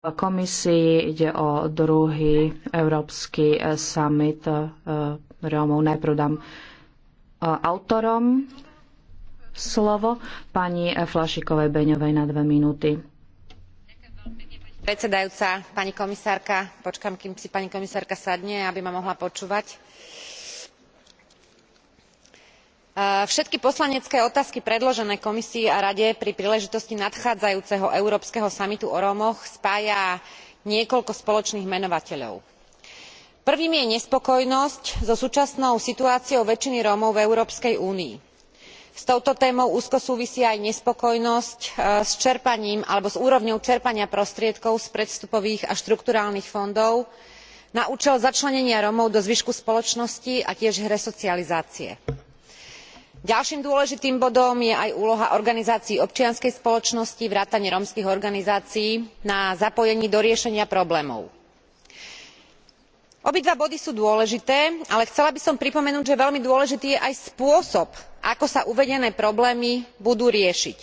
komisii ide o druhý európsky eh, summit eh, Rómov. Najprv dám eh, autorom slovo pani Flašikovej Beňovej na dve minúty. Predsedajúca, pani komisárka, počkam, kým si pani komisárka sadne, aby ma mohla počúvať všetky poslanecké otázky predložené komisii a rade pri príležitosti nadchádzajúceho európskeho samitu o rómoch spája niekoľko spoločných menovateľov. prvým je nespokojnosť so súčasnou situáciou väčšiny rómov v európskej únii. s touto témou úzko súvisí aj nespokojnosť e, s čerpaním alebo s úrovňou čerpania prostriedkov z predvstupových a štrukturálnych fondov na účel začlenenia rómov do zvyšku spoločnosti a tiež resocializácie ďalším dôležitým bodom je aj úloha organizácií občianskej spoločnosti vrátane rómskych organizácií na zapojení do riešenia problémov. obidva body sú dôležité ale chcela by som pripomenúť že veľmi dôležitý je aj spôsob ako sa uvedené problémy budú riešiť.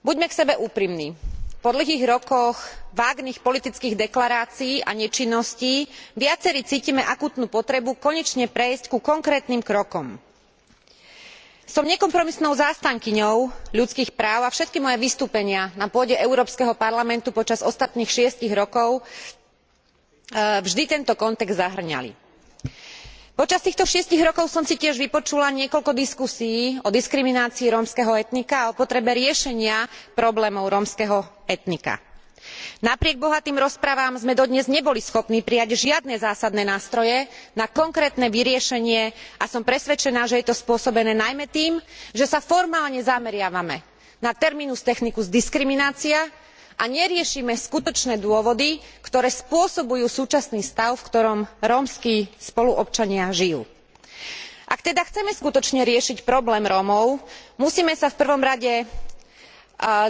buďme k sebe úprimní po dlhých rokoch vágnych politických deklarácií a nečinností viacerí cítime akútnu potrebu konečne prejsť ku konkrétnym krokom som nekompromisnou zástankyňou ľudských práv a všetky moje vystúpenia na pôde európskeho parlamentu počas ostatných šiestich rokov e, vždy tento kontext zahŕňali. počas týchto šiestich rokov som si tiež vypočula niekoľko diskusií o diskriminácii rómskeho etnika a o potrebe riešenia problémov rómskeho etnika napriek bohatým rozpravám sme dodnes neboli schopní prijať žiadne zásadné nástroje na konkrétne vyriešenie a som presvedčená že je to spôsobené najmä tým že sa formálne zameriavame na terminus technicus diskriminácia a neriešime skutočné dôvody ktoré spôsobujú súčasný stav v ktorom rómski spoluobčania žijú. ak teda chceme skutočne riešiť problém rómov musíme sa v prvom rade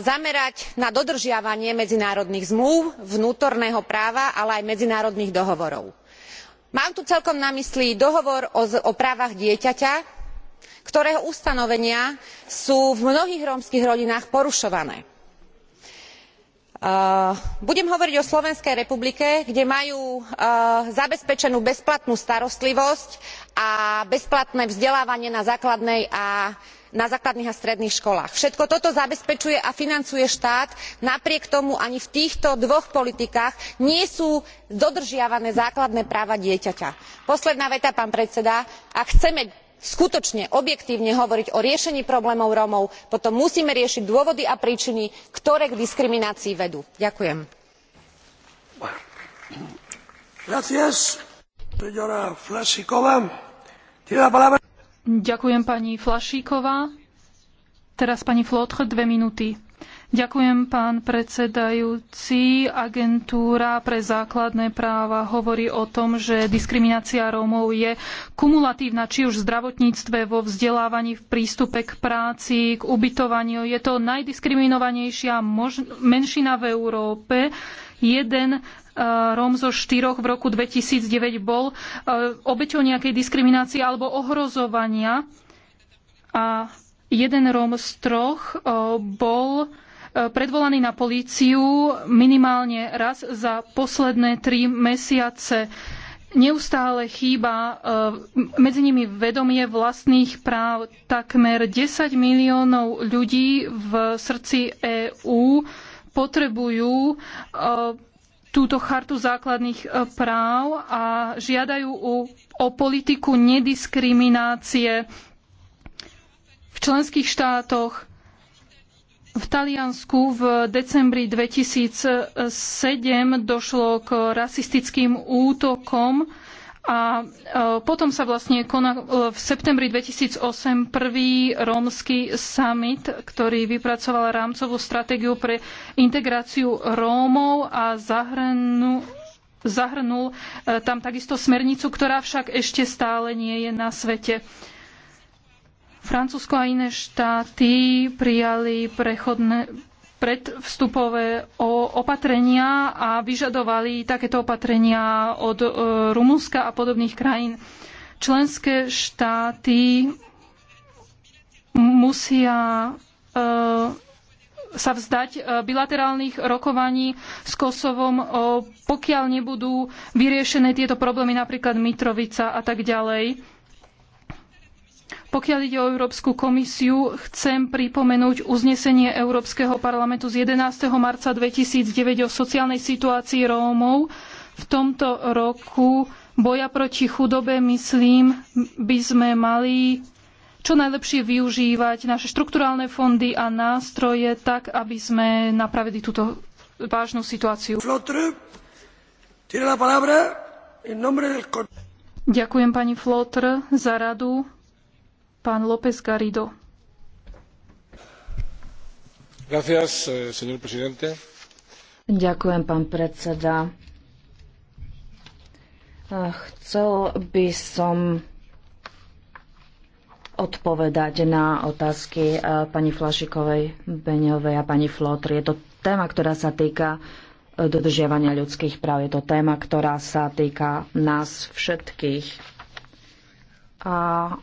zamerať na dodržiavanie medzinárodných zmlúv vnútorného práva ale aj medzinárodných dohovorov. mám tu celkom na mysli dohovor o právach dieťaťa ktorého ustanovenia sú v mnohých rómskych rodinách porušované. budem hovoriť o slovenskej republike kde majú zabezpečenú bezplatnú starostlivosť a bezplatné vzdelávanie na základnej a na základných a stredných školách. všetko toto zabezpečuje a financuje štát napriek tomu ani v týchto dvoch politikách nie sú dodržiavané základné práva dieťaťa. posledná veta pán predseda ak chceme skutočne objektívne hovoriť o riešení problémov rómov potom musíme riešiť dôvody a príčiny ktoré k diskriminácii vedú. ďakujem. Ďakujem pani Flašíková. Teraz pani Flotch, dve minúty. Ďakujem, pán predsedajúci. Agentúra pre základné práva hovorí o tom, že diskriminácia Rómov je kumulatívna, či už v zdravotníctve, vo vzdelávaní, v prístupe k práci, k ubytovaniu. Je to najdiskriminovanejšia menšina v Európe Jeden e, Róm zo štyroch v roku 2009 bol e, obeťou nejakej diskriminácie alebo ohrozovania a jeden Róm z troch e, bol predvolaný na políciu minimálne raz za posledné tri mesiace. Neustále chýba medzi nimi vedomie vlastných práv. Takmer 10 miliónov ľudí v srdci EÚ potrebujú e, túto chartu základných e, práv a žiadajú o, politiku nediskriminácie v členských štátoch. V Taliansku v decembri 2007 došlo k rasistickým útokom a e, potom sa vlastne konal e, v septembri 2008 prvý rómsky summit, ktorý vypracoval rámcovú stratégiu pre integráciu Rómov a zahrnú, zahrnul e, tam takisto smernicu, ktorá však ešte stále nie je na svete. Francúzsko a iné štáty prijali prechodné predvstupové opatrenia a vyžadovali takéto opatrenia od e, Rumunska a podobných krajín. Členské štáty musia e, sa vzdať e, bilaterálnych rokovaní s Kosovom, pokiaľ nebudú vyriešené tieto problémy, napríklad Mitrovica a tak ďalej pokiaľ ide o Európsku komisiu, chcem pripomenúť uznesenie Európskeho parlamentu z 11. marca 2009 o sociálnej situácii Rómov. V tomto roku boja proti chudobe, myslím, by sme mali čo najlepšie využívať naše štrukturálne fondy a nástroje tak, aby sme napravili túto vážnu situáciu. Ďakujem pani Flotr za radu pán López Garrido. Gracias, eh, señor presidente. Ďakujem, pán predseda. Eh, chcel by som odpovedať na otázky eh, pani Flašikovej, Beňovej a pani Flotry. Je to téma, ktorá sa týka dodržiavania ľudských práv. Je to téma, ktorá sa týka nás všetkých. A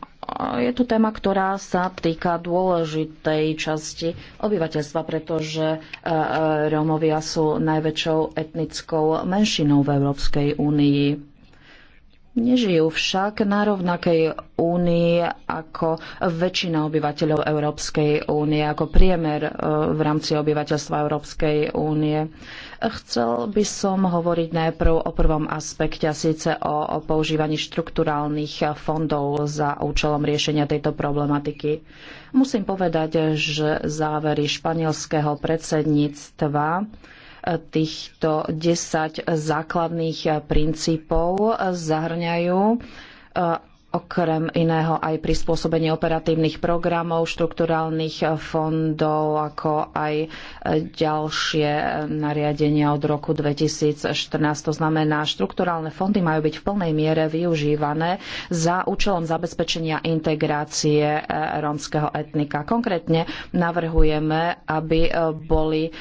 je tu téma, ktorá sa týka dôležitej časti obyvateľstva, pretože e, e, Rómovia sú najväčšou etnickou menšinou v Európskej únii. Nežijú však na rovnakej únii ako väčšina obyvateľov Európskej únie, ako priemer e, v rámci obyvateľstva Európskej únie. Chcel by som hovoriť najprv o prvom aspekte, a síce o, o používaní štrukturálnych fondov za účelom riešenia tejto problematiky. Musím povedať, že závery španielského predsedníctva týchto 10 základných princípov zahrňajú okrem iného aj prispôsobenie operatívnych programov, štrukturálnych fondov, ako aj e, ďalšie e, nariadenia od roku 2014. To znamená, štrukturálne fondy majú byť v plnej miere využívané za účelom zabezpečenia integrácie e, rómskeho etnika. Konkrétne navrhujeme, aby boli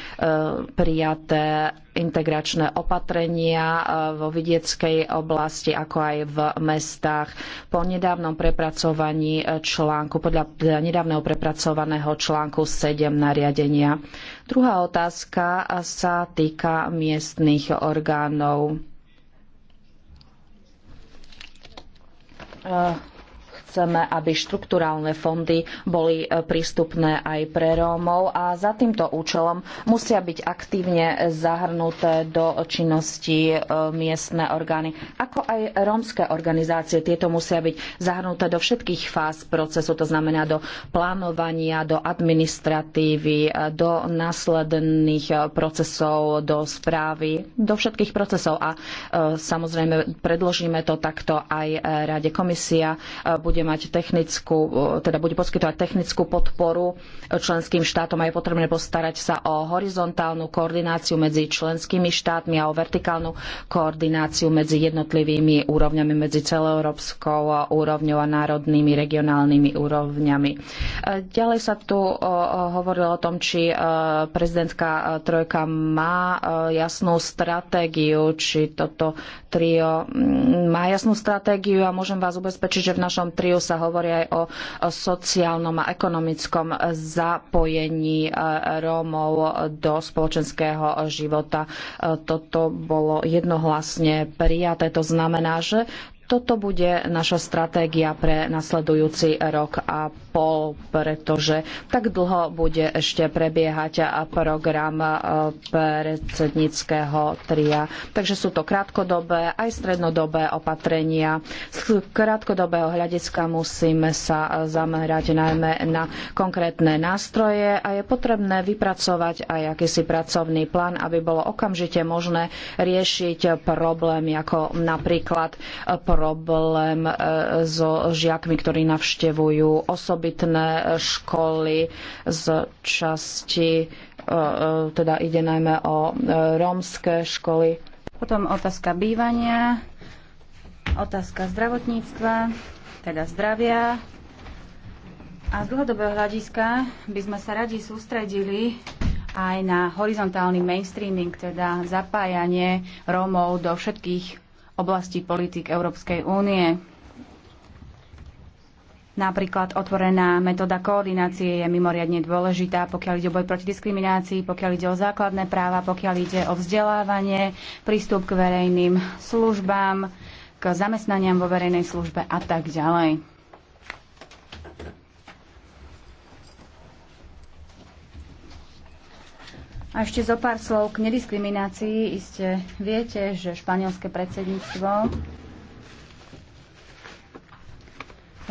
prijaté integračné opatrenia e, vo vidieckej oblasti, ako aj v mestách. Po nedávnom prepracovaní e, článku, podľa e, nedávneho prepracovaného článku 7 nariadenia. Druhá otázka sa týka miestnych orgánov. Uh chceme, aby štrukturálne fondy boli e, prístupné aj pre Rómov a za týmto účelom musia byť aktívne zahrnuté do činnosti e, miestne orgány, ako aj rómske organizácie. Tieto musia byť zahrnuté do všetkých fáz procesu, to znamená do plánovania, do administratívy, e, do následných procesov, do správy, do všetkých procesov. A samozrejme predložíme to takto aj Rade. Komisia bude bude mať technickú, e, teda bude poskytovať technickú podporu členským štátom a je potrebné postarať sa o horizontálnu koordináciu medzi členskými štátmi a o vertikálnu koordináciu medzi jednotlivými úrovňami, medzi celoeurópskou úrovňou a národnými, regionálnymi úrovňami. E, ďalej sa tu e, hovorilo o tom, či prezidentka Trojka má jasnú stratégiu, či toto trio mm, má jasnú stratégiu a môžem vás ubezpečiť, že v našom triu štúdiu sa hovorí aj o sociálnom a ekonomickom zapojení e, Rómov do spoločenského života. E, toto bolo jednohlasne prijaté. To znamená, že toto bude naša stratégia pre nasledujúci rok a pol, pretože tak dlho bude ešte prebiehať program e, predsedníckého tria. Takže sú to krátkodobé aj strednodobé opatrenia. Z krátkodobého hľadiska musíme sa e, zamerať najmä na konkrétne nástroje a je potrebné vypracovať aj akýsi pracovný plán, aby bolo okamžite možné riešiť problémy ako napríklad e, problém so žiakmi, ktorí navštevujú osoby osobitné e, školy z časti, e, e, teda ide najmä o rómske školy. Potom otázka bývania, otázka zdravotníctva, teda zdravia. A z dlhodobého hľadiska by sme sa radi sústredili aj na horizontálny mainstreaming, teda zapájanie Rómov do všetkých oblastí politik Európskej únie. Napríklad otvorená metóda koordinácie je mimoriadne dôležitá, pokiaľ ide o boj proti diskriminácii, pokiaľ ide o základné práva, pokiaľ ide o vzdelávanie, prístup k verejným službám, k zamestnaniam vo verejnej službe a tak ďalej. A ešte zo pár slov k nediskriminácii. Iste viete, že španielské predsedníctvo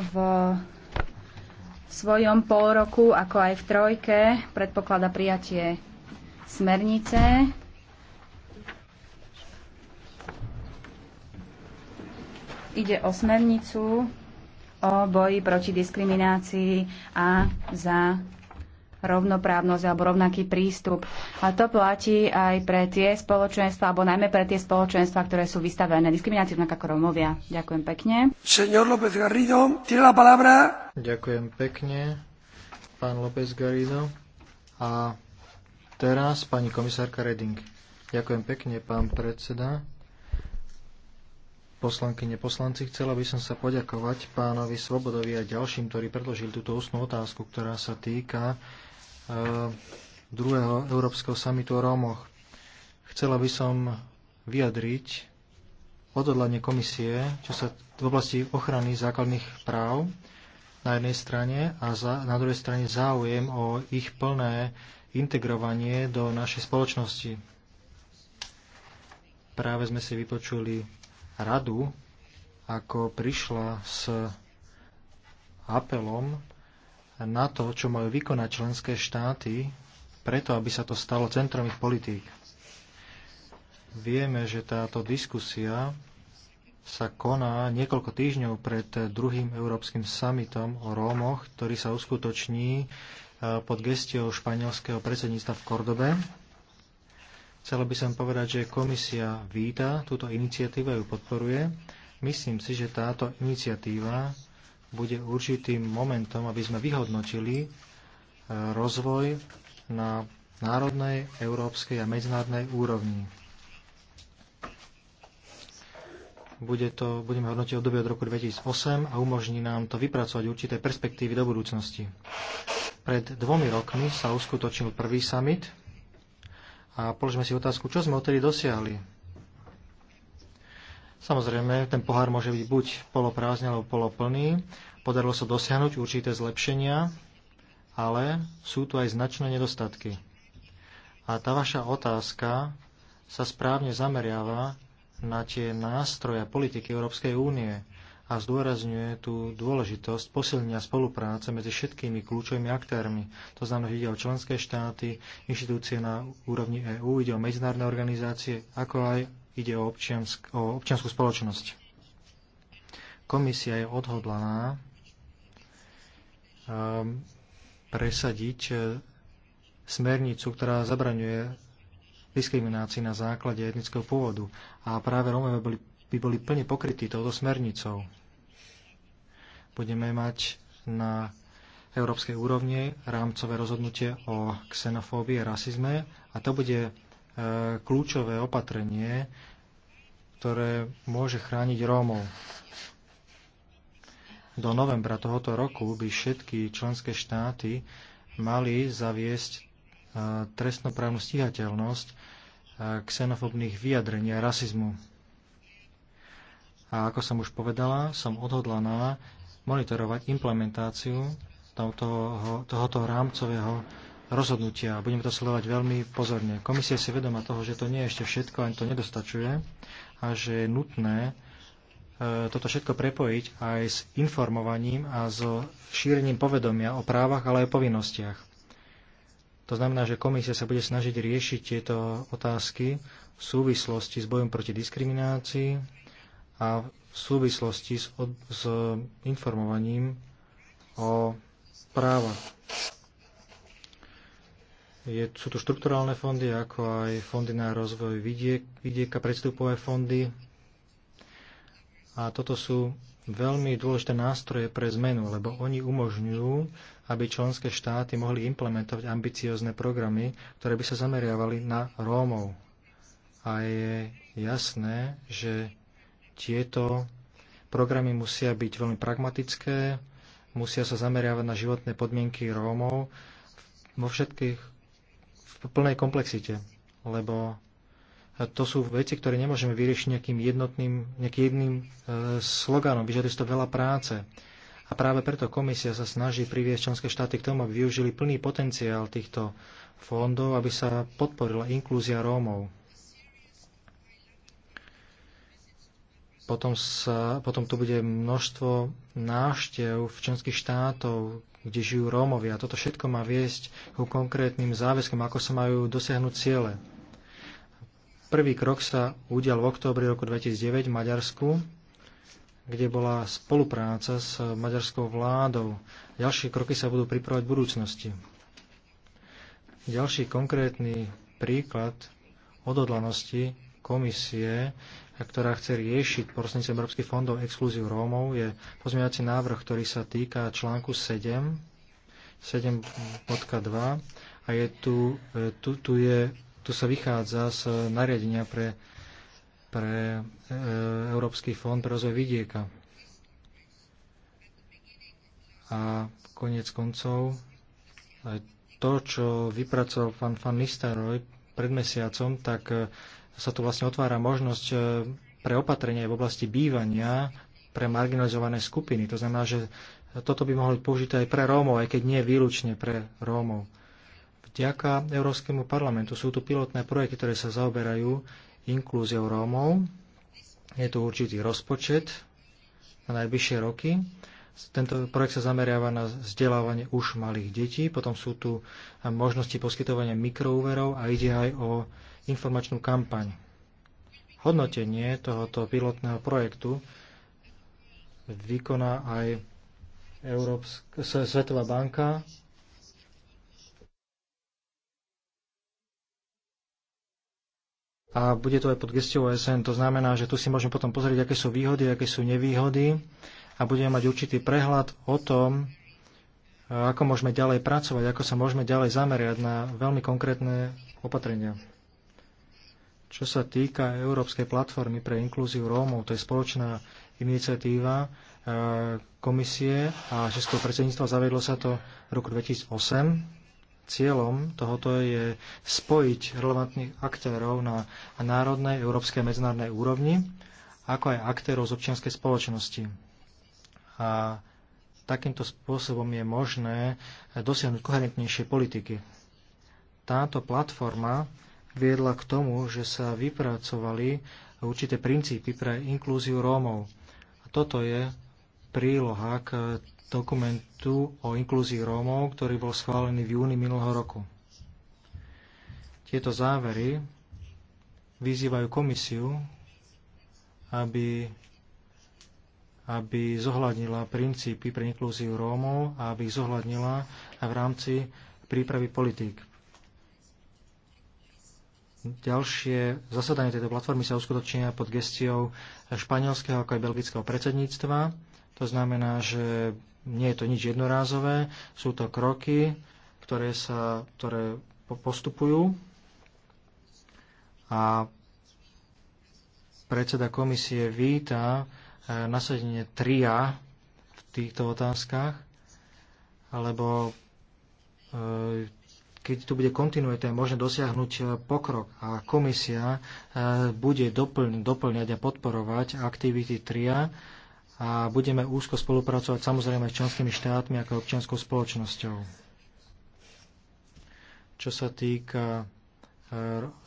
v svojom pôroku, ako aj v trojke, predpoklada prijatie smernice. Ide o smernicu o boji proti diskriminácii a za rovnoprávnosť alebo rovnaký prístup. A to platí aj pre tie spoločenstva, alebo najmä pre tie spoločenstva, ktoré sú vystavené diskrimináciu, ako Romovia. Ďakujem pekne. Señor López Garrido, tiene la palabra. Ďakujem pekne, pán López Garrido. A teraz pani komisárka Reding. Ďakujem pekne, pán predseda poslankyne, poslanci, chcela by som sa poďakovať pánovi Svobodovi a ďalším, ktorí predložili túto ústnú otázku, ktorá sa týka Eh, druhého Európskeho samitu o Rómoch. Chcela by som vyjadriť odhodlanie komisie, čo sa v oblasti ochrany základných práv na jednej strane a za, na druhej strane záujem o ich plné integrovanie do našej spoločnosti. Práve sme si vypočuli radu, ako prišla s apelom na to, čo majú vykonať členské štáty, preto aby sa to stalo centrom ich politík. Vieme, že táto diskusia sa koná niekoľko týždňov pred druhým európskym summitom o Rómoch, ktorý sa uskutoční e, pod gestiou španielského predsedníctva v Kordobe. Chcela by som povedať, že komisia víta túto iniciatívu a ju podporuje. Myslím si, že táto iniciatíva bude určitým momentom, aby sme vyhodnotili e, rozvoj na národnej, európskej a medzinárodnej úrovni. Bude to, budeme hodnotiť obdobie od roku 2008 a umožní nám to vypracovať určité perspektívy do budúcnosti. Pred dvomi rokmi sa uskutočnil prvý summit a položme si otázku, čo sme odtedy dosiahli Samozrejme, ten pohár môže byť buď poloprázdny alebo poloplný. Podarilo sa dosiahnuť určité zlepšenia, ale sú tu aj značné nedostatky. A tá vaša otázka sa správne zameriava na tie nástroje politiky Európskej únie a zdôrazňuje tú dôležitosť posilnenia spolupráce medzi všetkými kľúčovými aktérmi. To znamená, že ide o členské štáty, inštitúcie na úrovni EÚ, ide o medzinárodné organizácie, ako aj ide o, občiansk, o občianskú spoločnosť. Komisia je odhodlaná um, presadiť e, smernicu, ktorá zabraňuje diskriminácii na základe etnického pôvodu. A práve Rómovia by, by boli plne pokrytí touto smernicou. Budeme mať na európskej úrovni rámcové rozhodnutie o xenofóbii a rasizme a to bude E, kľúčové opatrenie, ktoré môže chrániť Rómov. Do novembra tohoto roku by všetky členské štáty mali zaviesť e, trestnoprávnu stíhateľnosť xenofobných e, vyjadrení a rasizmu. A ako som už povedala, som odhodlaná monitorovať implementáciu tohoto, tohoto rámcového rozhodnutia. Budeme to sledovať veľmi pozorne. Komisia si vedoma toho, že to nie je ešte všetko, ani to nedostačuje a že je nutné e, toto všetko prepojiť aj s informovaním a so šírením povedomia o právach, ale aj o povinnostiach. To znamená, že komisia sa bude snažiť riešiť tieto otázky v súvislosti s bojom proti diskriminácii a v súvislosti s, od, s informovaním o právach. Je, sú tu štrukturálne fondy, ako aj fondy na rozvoj vidiek, vidieka, predstupové fondy. A toto sú veľmi dôležité nástroje pre zmenu, lebo oni umožňujú, aby členské štáty mohli implementovať ambiciozne programy, ktoré by sa zameriavali na Rómov. A je jasné, že tieto programy musia byť veľmi pragmatické, musia sa zameriavať na životné podmienky Rómov vo všetkých v plnej komplexite, lebo to sú veci, ktoré nemôžeme vyriešiť nejakým jednotným, nejakým jedným e, sloganom. Vyžaduje to veľa práce. A práve preto komisia sa snaží priviesť členské štáty k tomu, aby využili plný potenciál týchto fondov, aby sa podporila inklúzia Rómov. Potom, sa, potom tu bude množstvo návštev v členských štátov, kde žijú Rómovia. Toto všetko má viesť ku konkrétnym záväzkom, ako sa majú dosiahnuť ciele. Prvý krok sa udial v októbri roku 2009 v Maďarsku, kde bola spolupráca s maďarskou vládou. Ďalšie kroky sa budú pripravať v budúcnosti. Ďalší konkrétny príklad odhodlanosti komisie ktorá chce riešiť prostredníctvom európskych fondov exkluziu Rómov, je pozmeňovací návrh, ktorý sa týka článku 7, 7.2 a je tu, e, tu, tu, je, tu sa vychádza z nariadenia pre, pre e, Európsky fond pre rozvoj vidieka. A konec koncov aj e, to, čo vypracoval pán Fan Nistaroj pred mesiacom, tak sa tu vlastne otvára možnosť e, pre opatrenie v oblasti bývania pre marginalizované skupiny. To znamená, že toto by mohlo byť použité aj pre Rómov, aj keď nie výlučne pre Rómov. Vďaka Európskemu parlamentu sú tu pilotné projekty, ktoré sa zaoberajú inklúziou Rómov. Je tu určitý rozpočet na najbližšie roky. Tento projekt sa zameriava na vzdelávanie už malých detí, potom sú tu možnosti poskytovania mikroúverov a ide aj o informačnú kampaň. Hodnotenie tohoto pilotného projektu vykoná aj Európsk- Svetová banka. A bude to aj pod gestiou SN. To znamená, že tu si môžeme potom pozrieť, aké sú výhody, aké sú nevýhody a budeme mať určitý prehľad o tom, ako môžeme ďalej pracovať, ako sa môžeme ďalej zamerať na veľmi konkrétne opatrenia. Čo sa týka Európskej platformy pre inklúziu Rómov, to je spoločná iniciatíva e, komisie a Českého predsedníctva. Zavedlo sa to v roku 2008 cieľom tohoto je spojiť relevantných aktérov na národnej, európskej, medzinárodnej úrovni, ako aj aktérov z občianskej spoločnosti. A takýmto spôsobom je možné dosiahnuť koherentnejšie politiky. Táto platforma viedla k tomu, že sa vypracovali určité princípy pre inklúziu Rómov. A toto je príloha k dokumentu o inklúzii Rómov, ktorý bol schválený v júni minulého roku. Tieto závery vyzývajú komisiu, aby, aby zohľadnila princípy pre inklúziu Rómov a aby ich zohľadnila aj v rámci prípravy politík. Ďalšie zasadanie tejto platformy sa uskutočnia pod gestiou španielského ako aj belgického predsedníctva. To znamená, že nie je to nič jednorázové, sú to kroky, ktoré, sa, ktoré postupujú a predseda komisie víta e, nasadenie tria v týchto otázkach, alebo e, keď tu bude kontinuita, je možné dosiahnuť e, pokrok a komisia e, bude doplň, doplňať a podporovať aktivity TRIA a budeme úzko spolupracovať samozrejme s členskými štátmi ako občianskou spoločnosťou. Čo sa týka e,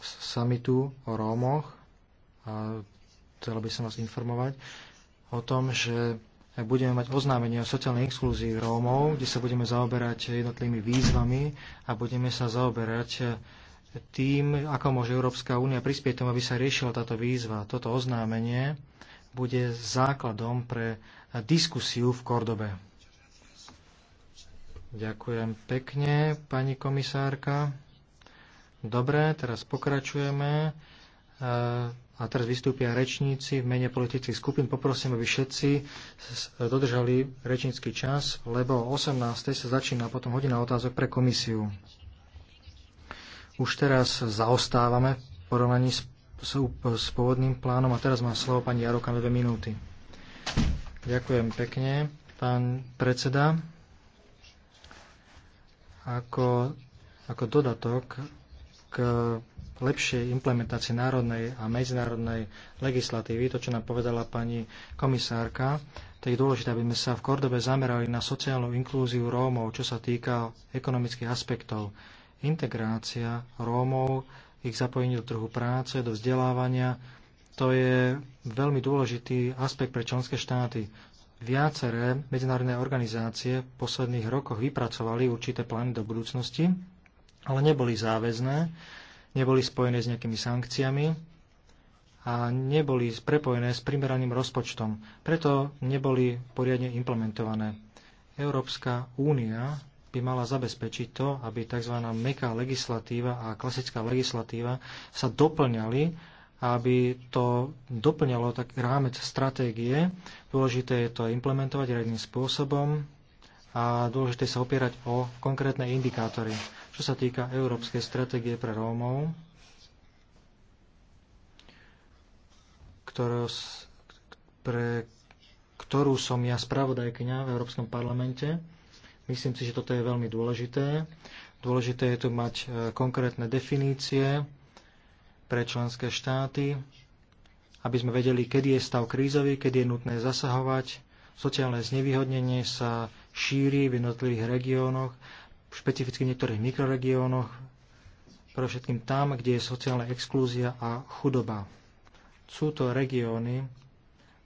samitu o Rómoch, chcel by som vás informovať o tom, že tak budeme mať oznámenie o sociálnej exklúzii Rómov, kde sa budeme zaoberať jednotlivými výzvami a budeme sa zaoberať tým, ako môže Európska únia prispieť tomu, aby sa riešila táto výzva. Toto oznámenie bude základom pre diskusiu v Kordobe. Ďakujem pekne, pani komisárka. Dobre, teraz pokračujeme. E, a teraz vystúpia rečníci v mene politických skupín. Poprosím, aby všetci dodržali rečnícky čas, lebo o 18. sa začína potom hodina otázok pre komisiu. Už teraz zaostávame v porovnaní s, s, s pôvodným plánom a teraz má slovo pani Jaroka na dve minúty. Ďakujem pekne, pán predseda. Ako, ako dodatok k lepšej implementácii národnej a medzinárodnej legislatívy. To, čo nám povedala pani komisárka, to je dôležité, aby sme sa v Kordobe zamerali na sociálnu inklúziu Rómov, čo sa týka ekonomických aspektov. Integrácia Rómov, ich zapojenie do trhu práce, do vzdelávania, to je veľmi dôležitý aspekt pre členské štáty. Viaceré medzinárodné organizácie v posledných rokoch vypracovali určité plány do budúcnosti, ale neboli záväzné, neboli spojené s nejakými sankciami a neboli prepojené s primeraným rozpočtom. Preto neboli poriadne implementované. Európska únia by mala zabezpečiť to, aby tzv. meká legislatíva a klasická legislatíva sa doplňali aby to doplňalo tak rámec stratégie. Dôležité je to implementovať riadným spôsobom a dôležité sa opierať o konkrétne indikátory. Čo sa týka Európskej stratégie pre Rómov, ktorú, pre ktorú som ja spravodajkňa v Európskom parlamente, myslím si, že toto je veľmi dôležité. Dôležité je tu mať e, konkrétne definície pre členské štáty, aby sme vedeli, kedy je stav krízový, kedy je nutné zasahovať. Sociálne znevýhodnenie sa šíri v jednotlivých regiónoch špecificky v niektorých mikroregiónoch, pre všetkým tam, kde je sociálna exklúzia a chudoba. Sú to regióny,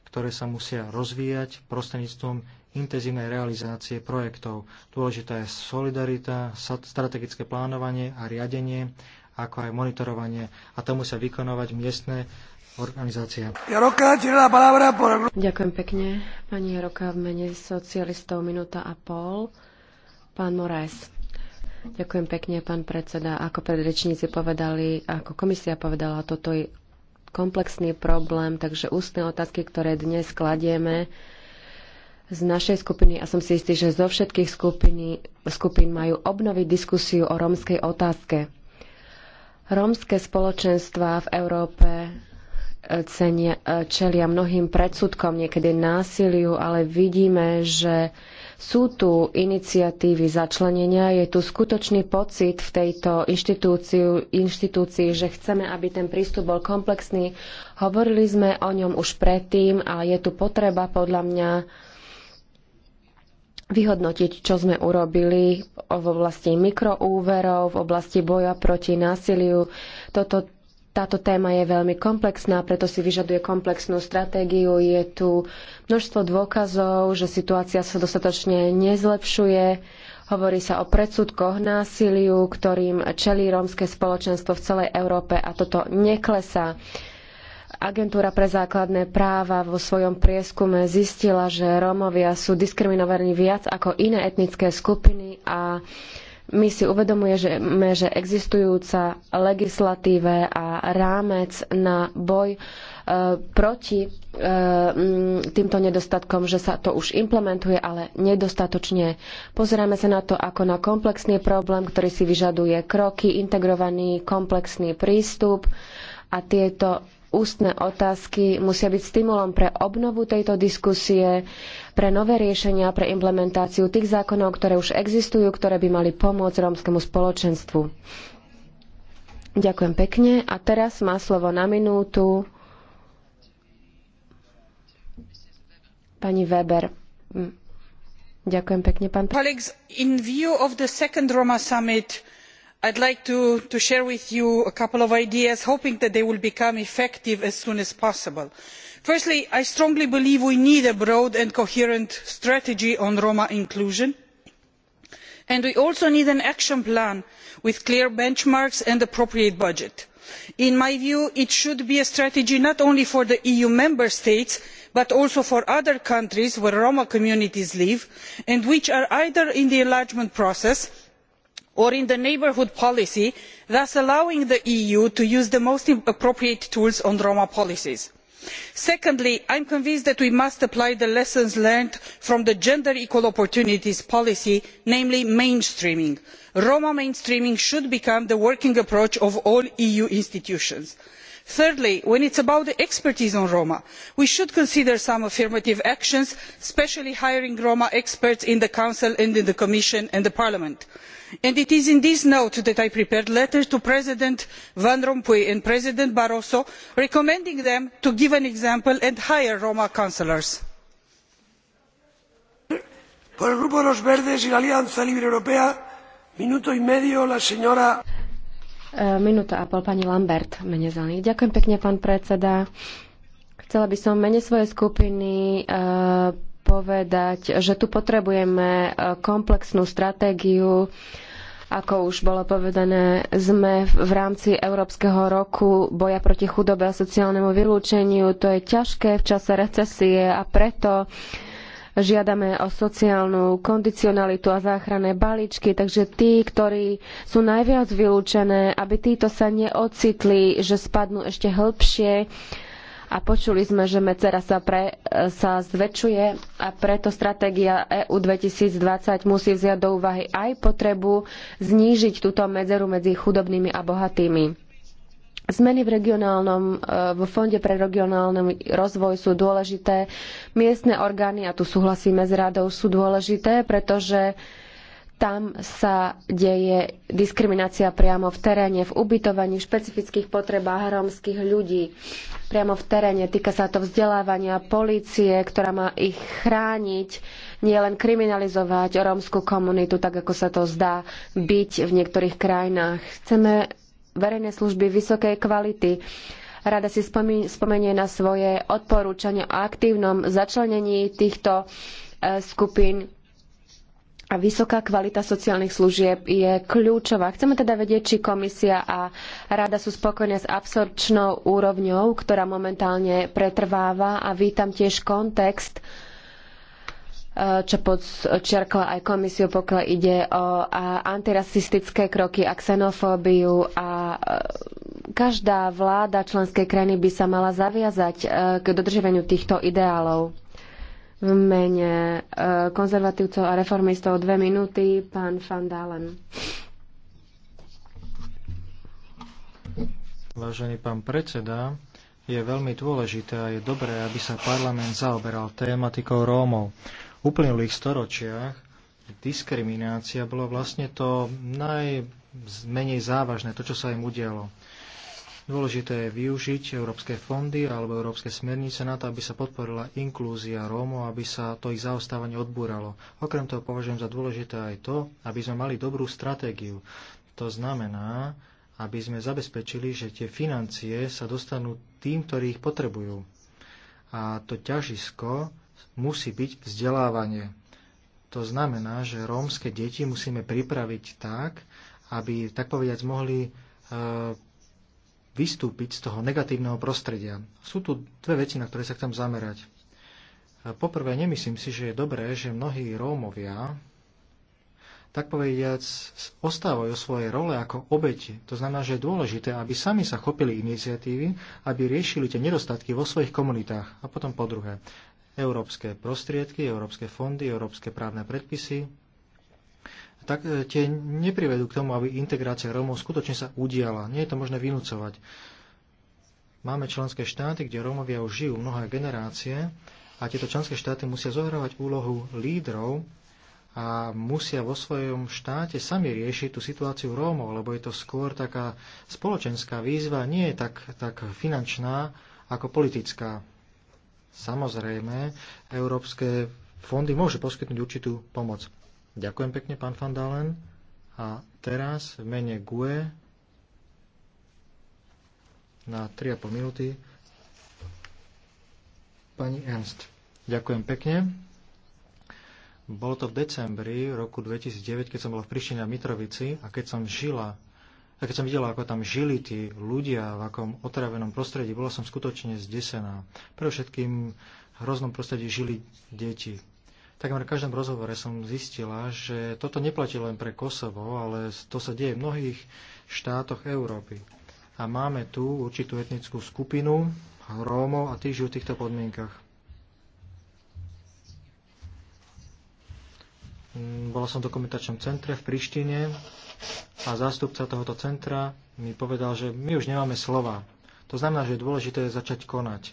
ktoré sa musia rozvíjať prostredníctvom intenzívnej realizácie projektov. Dôležitá je solidarita, strategické plánovanie a riadenie, ako aj monitorovanie a to musia vykonovať miestne organizácie. Ďakujem pekne. Pani Jaroka v mene socialistov minúta a pol. Pán Moraes. Ďakujem pekne, pán predseda. Ako predrečníci povedali, ako komisia povedala, toto je komplexný problém, takže ústne otázky, ktoré dnes kladieme z našej skupiny, a som si istý, že zo všetkých skupiny, skupín majú obnoviť diskusiu o rómskej otázke. Rómske spoločenstva v Európe eh, cenia, eh, čelia mnohým predsudkom, niekedy násiliu, ale vidíme, že sú tu iniciatívy začlenenia, je tu skutočný pocit v tejto inštitúcii, že chceme, aby ten prístup bol komplexný. Hovorili sme o ňom už predtým a je tu potreba podľa mňa vyhodnotiť, čo sme urobili v oblasti mikroúverov, v oblasti boja proti násiliu. Toto táto téma je veľmi komplexná, preto si vyžaduje komplexnú stratégiu. Je tu množstvo dôkazov, že situácia sa dostatočne nezlepšuje. Hovorí sa o predsudkoch, násiliu, ktorým čelí rómske spoločenstvo v celej Európe a toto neklesá. Agentúra pre základné práva vo svojom prieskume zistila, že Rómovia sú diskriminovaní viac ako iné etnické skupiny a my si uvedomujeme, že existujúca legislatíve a rámec na boj e, proti e, týmto nedostatkom, že sa to už implementuje, ale nedostatočne. Pozeráme sa na to ako na komplexný problém, ktorý si vyžaduje kroky, integrovaný komplexný prístup a tieto ústne otázky musia byť stimulom pre obnovu tejto diskusie pre nové riešenia, pre implementáciu tých zákonov, ktoré už existujú, ktoré by mali pomôcť rómskemu spoločenstvu. Ďakujem pekne. A teraz má slovo na minútu pani Weber. Mm. Ďakujem pekne, pán Colleagues, in view of the second Roma summit, I'd like to, to share with you a couple of ideas, hoping that they will become effective as soon as possible firstly i strongly believe we need a broad and coherent strategy on roma inclusion and we also need an action plan with clear benchmarks and an appropriate budget. in my view it should be a strategy not only for the eu member states but also for other countries where roma communities live and which are either in the enlargement process or in the neighbourhood policy thus allowing the eu to use the most appropriate tools on roma policies secondly i am convinced that we must apply the lessons learned from the gender equal opportunities policy namely mainstreaming. roma mainstreaming should become the working approach of all eu institutions thirdly when it is about expertise on roma we should consider some affirmative actions especially hiring roma experts in the council and in the commission and parliament. it is on this note that i prepared a letter to president van rompuy and president barroso recommending them to give an example and hire roma councillors. Eh, minúta a pol, pani Lambert, mene Ďakujem pekne, pán predseda. Chcela by som mene svojej skupiny eh, povedať, že tu potrebujeme eh, komplexnú stratégiu. Ako už bolo povedané, sme v rámci Európskeho roku boja proti chudobe a sociálnemu vylúčeniu. To je ťažké v čase recesie a preto uh, žiadame o sociálnu kondicionalitu a záchranné balíčky, takže tí, ktorí sú najviac vylúčené, aby títo sa neocitli, že spadnú ešte hlbšie a počuli sme, že medzera sa, pre, sa zväčšuje a preto stratégia EU 2020 musí vziať do úvahy aj potrebu znížiť túto medzeru medzi chudobnými a bohatými. Zmeny v regionálnom, eh, v Fonde pre regionálny rozvoj sú dôležité. Miestne orgány, a tu súhlasíme s radou, sú dôležité, pretože tam sa deje diskriminácia priamo v teréne, v ubytovaní, v špecifických potrebách rómskych ľudí. Priamo v teréne týka sa to vzdelávania polície, ktorá má ich chrániť, nielen kriminalizovať romskú komunitu, tak ako sa to zdá byť v niektorých krajinách. Chceme verejné služby vysokej kvality. Rada si spomenie na svoje odporúčania o aktívnom začlenení týchto e, skupín a vysoká kvalita sociálnych služieb je kľúčová. Chceme teda vedieť, či komisia a rada sú spokojné s absorčnou úrovňou, ktorá momentálne pretrváva a vítam tiež kontext, čo podčiarkla aj komisiu, pokiaľ ide o antirasistické kroky a xenofóbiu a e, každá vláda členskej krajiny by sa mala zaviazať e, k dodržiavaniu týchto ideálov. V mene e, konzervatívcov a reformistov dve minúty, pán Van Dalen. Vážený pán predseda, je veľmi dôležité a je dobré, aby sa parlament zaoberal tématikou Rómov uplynulých storočiach diskriminácia bolo vlastne to najmenej závažné, to, čo sa im udialo. Dôležité je využiť európske fondy alebo európske smernice na to, aby sa podporila inklúzia Rómov, aby sa to ich zaostávanie odbúralo. Okrem toho považujem za dôležité aj to, aby sme mali dobrú stratégiu. To znamená, aby sme zabezpečili, že tie financie sa dostanú tým, ktorí ich potrebujú. A to ťažisko musí byť vzdelávanie. To znamená, že rómske deti musíme pripraviť tak, aby, tak povediac, mohli e, vystúpiť z toho negatívneho prostredia. Sú tu dve veci, na ktoré sa chcem zamerať. E, poprvé, nemyslím si, že je dobré, že mnohí Rómovia, tak povediac, ostávajú svoje role ako obete. To znamená, že je dôležité, aby sami sa chopili iniciatívy, aby riešili tie nedostatky vo svojich komunitách. A potom po druhé, európske prostriedky, európske fondy, európske právne predpisy, tak e, tie neprivedú k tomu, aby integrácia Rómov skutočne sa udiala. Nie je to možné vynúcovať. Máme členské štáty, kde Rómovia už žijú mnohé generácie a tieto členské štáty musia zohrávať úlohu lídrov a musia vo svojom štáte sami riešiť tú situáciu Rómov, lebo je to skôr taká spoločenská výzva, nie je tak, tak finančná ako politická. Samozrejme, európske fondy môžu poskytnúť určitú pomoc. Ďakujem pekne, pán Van Dalen. A teraz v mene GUE na 3,5 minúty pani Ernst. Ďakujem pekne. Bolo to v decembri roku 2009, keď som bola v Prištine a Mitrovici a keď som žila a keď som videla, ako tam žili tí ľudia, v akom otravenom prostredí, bola som skutočne zdesená. Pre všetkým v hroznom prostredí žili deti. Takmer v každom rozhovore som zistila, že toto neplatí len pre Kosovo, ale to sa deje v mnohých štátoch Európy. A máme tu určitú etnickú skupinu Rómov a tí žijú v týchto podmienkach. Bola som v dokumentačnom centre v Prištine, a zástupca tohoto centra mi povedal, že my už nemáme slova. To znamená, že je dôležité začať konať.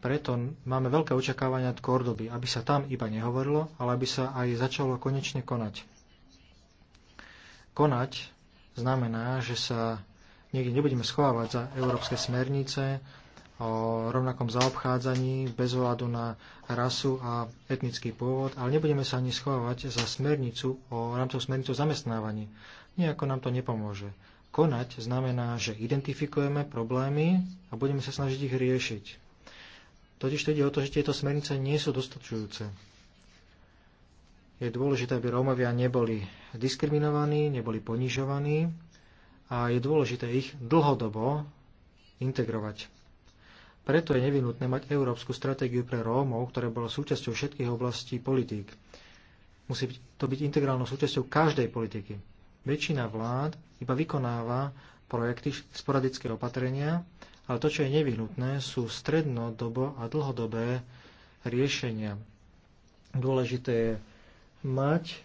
Preto máme veľké očakávania od Kordoby, aby sa tam iba nehovorilo, ale aby sa aj začalo konečne konať. Konať znamená, že sa niekde nebudeme schovávať za európske smernice, o rovnakom zaobchádzaní bez ohľadu na rasu a etnický pôvod, ale nebudeme sa ani schovávať za smernicu o rámcov smernicu zamestnávaní nejako nám to nepomôže. Konať znamená, že identifikujeme problémy a budeme sa snažiť ich riešiť. Totiž to ide o to, že tieto smernice nie sú dostačujúce. Je dôležité, aby Rómovia neboli diskriminovaní, neboli ponižovaní a je dôležité ich dlhodobo integrovať. Preto je nevinutné mať európsku stratégiu pre Rómov, ktorá bola súčasťou všetkých oblastí politík. Musí to byť integrálnou súčasťou každej politiky. Väčšina vlád iba vykonáva projekty sporadické opatrenia, ale to, čo je nevyhnutné, sú strednodobo a dlhodobé riešenia. Dôležité je mať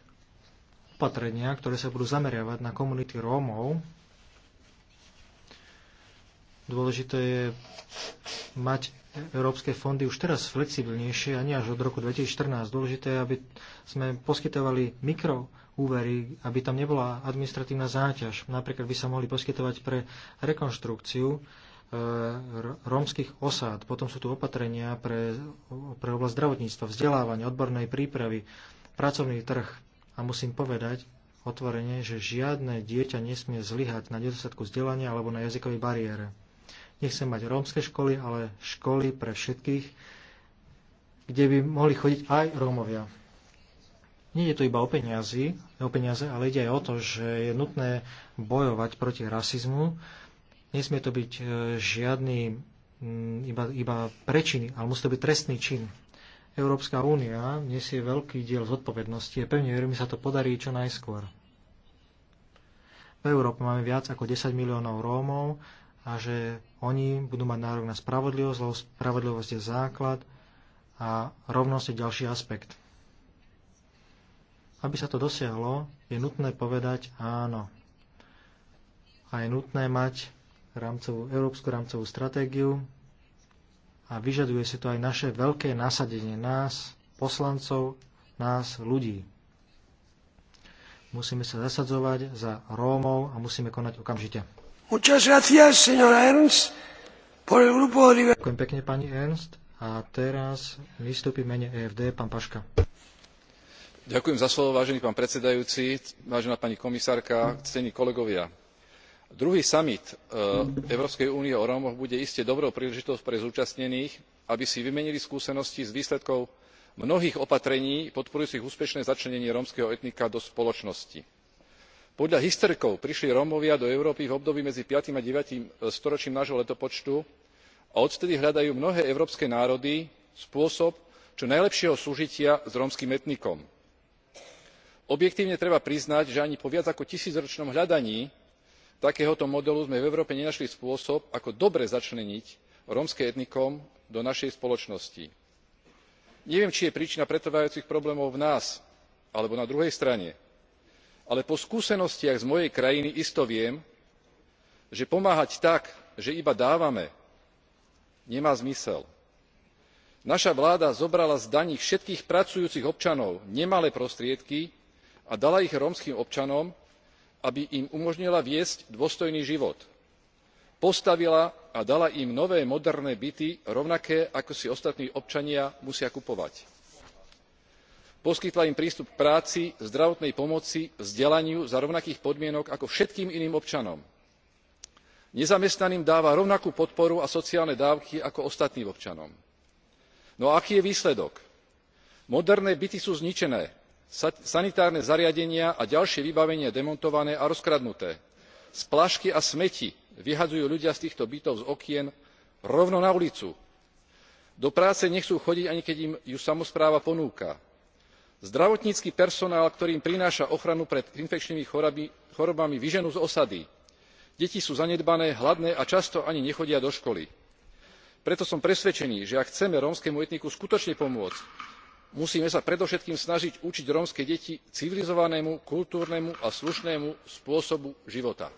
opatrenia, ktoré sa budú zameriavať na komunity Rómov. Dôležité je mať európske fondy už teraz flexibilnejšie, a nie až od roku 2014. Dôležité je, aby sme poskytovali mikro úvery, aby tam nebola administratívna záťaž. Napríklad by sa mohli poskytovať pre rekonštrukciu e, rómskych osád. Potom sú tu opatrenia pre, pre oblasť zdravotníctva, vzdelávania, odbornej prípravy, pracovný trh. A musím povedať otvorene, že žiadne dieťa nesmie zlyhať na nedostatku vzdelania alebo na jazykovej bariére. Nechcem mať rómske školy, ale školy pre všetkých, kde by mohli chodiť aj Rómovia. Nie je to iba o, peniazy, o peniaze, ale ide aj o to, že je nutné bojovať proti rasizmu. Nesmie to byť e, žiadny iba, iba prečin, ale musí to byť trestný čin. Európska únia nesie veľký diel zodpovednosti a pevne verím, sa to podarí čo najskôr. V Európe máme viac ako 10 miliónov Rómov a že oni budú mať nárok na spravodlivosť, lebo spravodlivosť je základ a rovnosť je ďalší aspekt. Aby sa to dosiahlo, je nutné povedať áno. A je nutné mať rámcovú, európsku rámcovú stratégiu a vyžaduje si to aj naše veľké nasadenie nás, poslancov, nás, ľudí. Musíme sa zasadzovať za Rómov a musíme konať okamžite. Ďakujem pekne, pani Ernst. A teraz vystúpi mene EFD, pán Paška druhý samit e, európskej únie o rómoch bude iste dobrou príležitosťou pre zúčastnených aby si vymenili skúsenosti z výsledkov mnohých opatrení podporujúcich úspešné začlenenie rómskeho etnika do spoločnosti. podľa historikov prišli rómovia do európy v období medzi. piatym a deviatym storočím nášho letopočtu a odvtedy hľadajú mnohé európske národy spôsob čo najlepšieho súžitia s rómskym etnikom objektívne treba priznať že ani po viac ako tisícročnom hľadaní takéhoto modelu sme v európe nenašli spôsob ako dobre začleniť rómske etnikum do našej spoločnosti. neviem či je príčina pretrvávajúcich problémov v nás alebo na druhej strane ale po skúsenostiach z mojej krajiny isto viem že pomáhať tak že iba dávame nemá zmysel. naša vláda zobrala z daní všetkých pracujúcich občanov nemalé prostriedky a dala ich rómskym občanom aby im umožnila viesť dôstojný život. postavila a dala im nové moderné byty rovnaké ako si ostatní občania musia kupovať. poskytla im prístup k práci zdravotnej pomoci vzdelaniu za rovnakých podmienok ako všetkým iným občanom. nezamestnaným dáva rovnakú podporu a sociálne dávky ako ostatným občanom. no a aký je výsledok? moderné byty sú zničené sanitárne zariadenia a ďalšie vybavenie demontované a rozkradnuté. splašky a smeti vyhadzujú ľudia z týchto bytov z okien rovno na ulicu. do práce nechcú chodiť ani keď im ju samospráva ponúka. zdravotnícky personál ktorý im prináša ochranu pred infekčnými chorobami vyženú z osady. deti sú zanedbané hladné a často ani nechodia do školy. preto som presvedčený že ak chceme rómskemu etniku skutočne pomôcť musíme sa predovšetkým snažiť učiť rómske deti civilizovanému kultúrnemu a slušnému spôsobu života.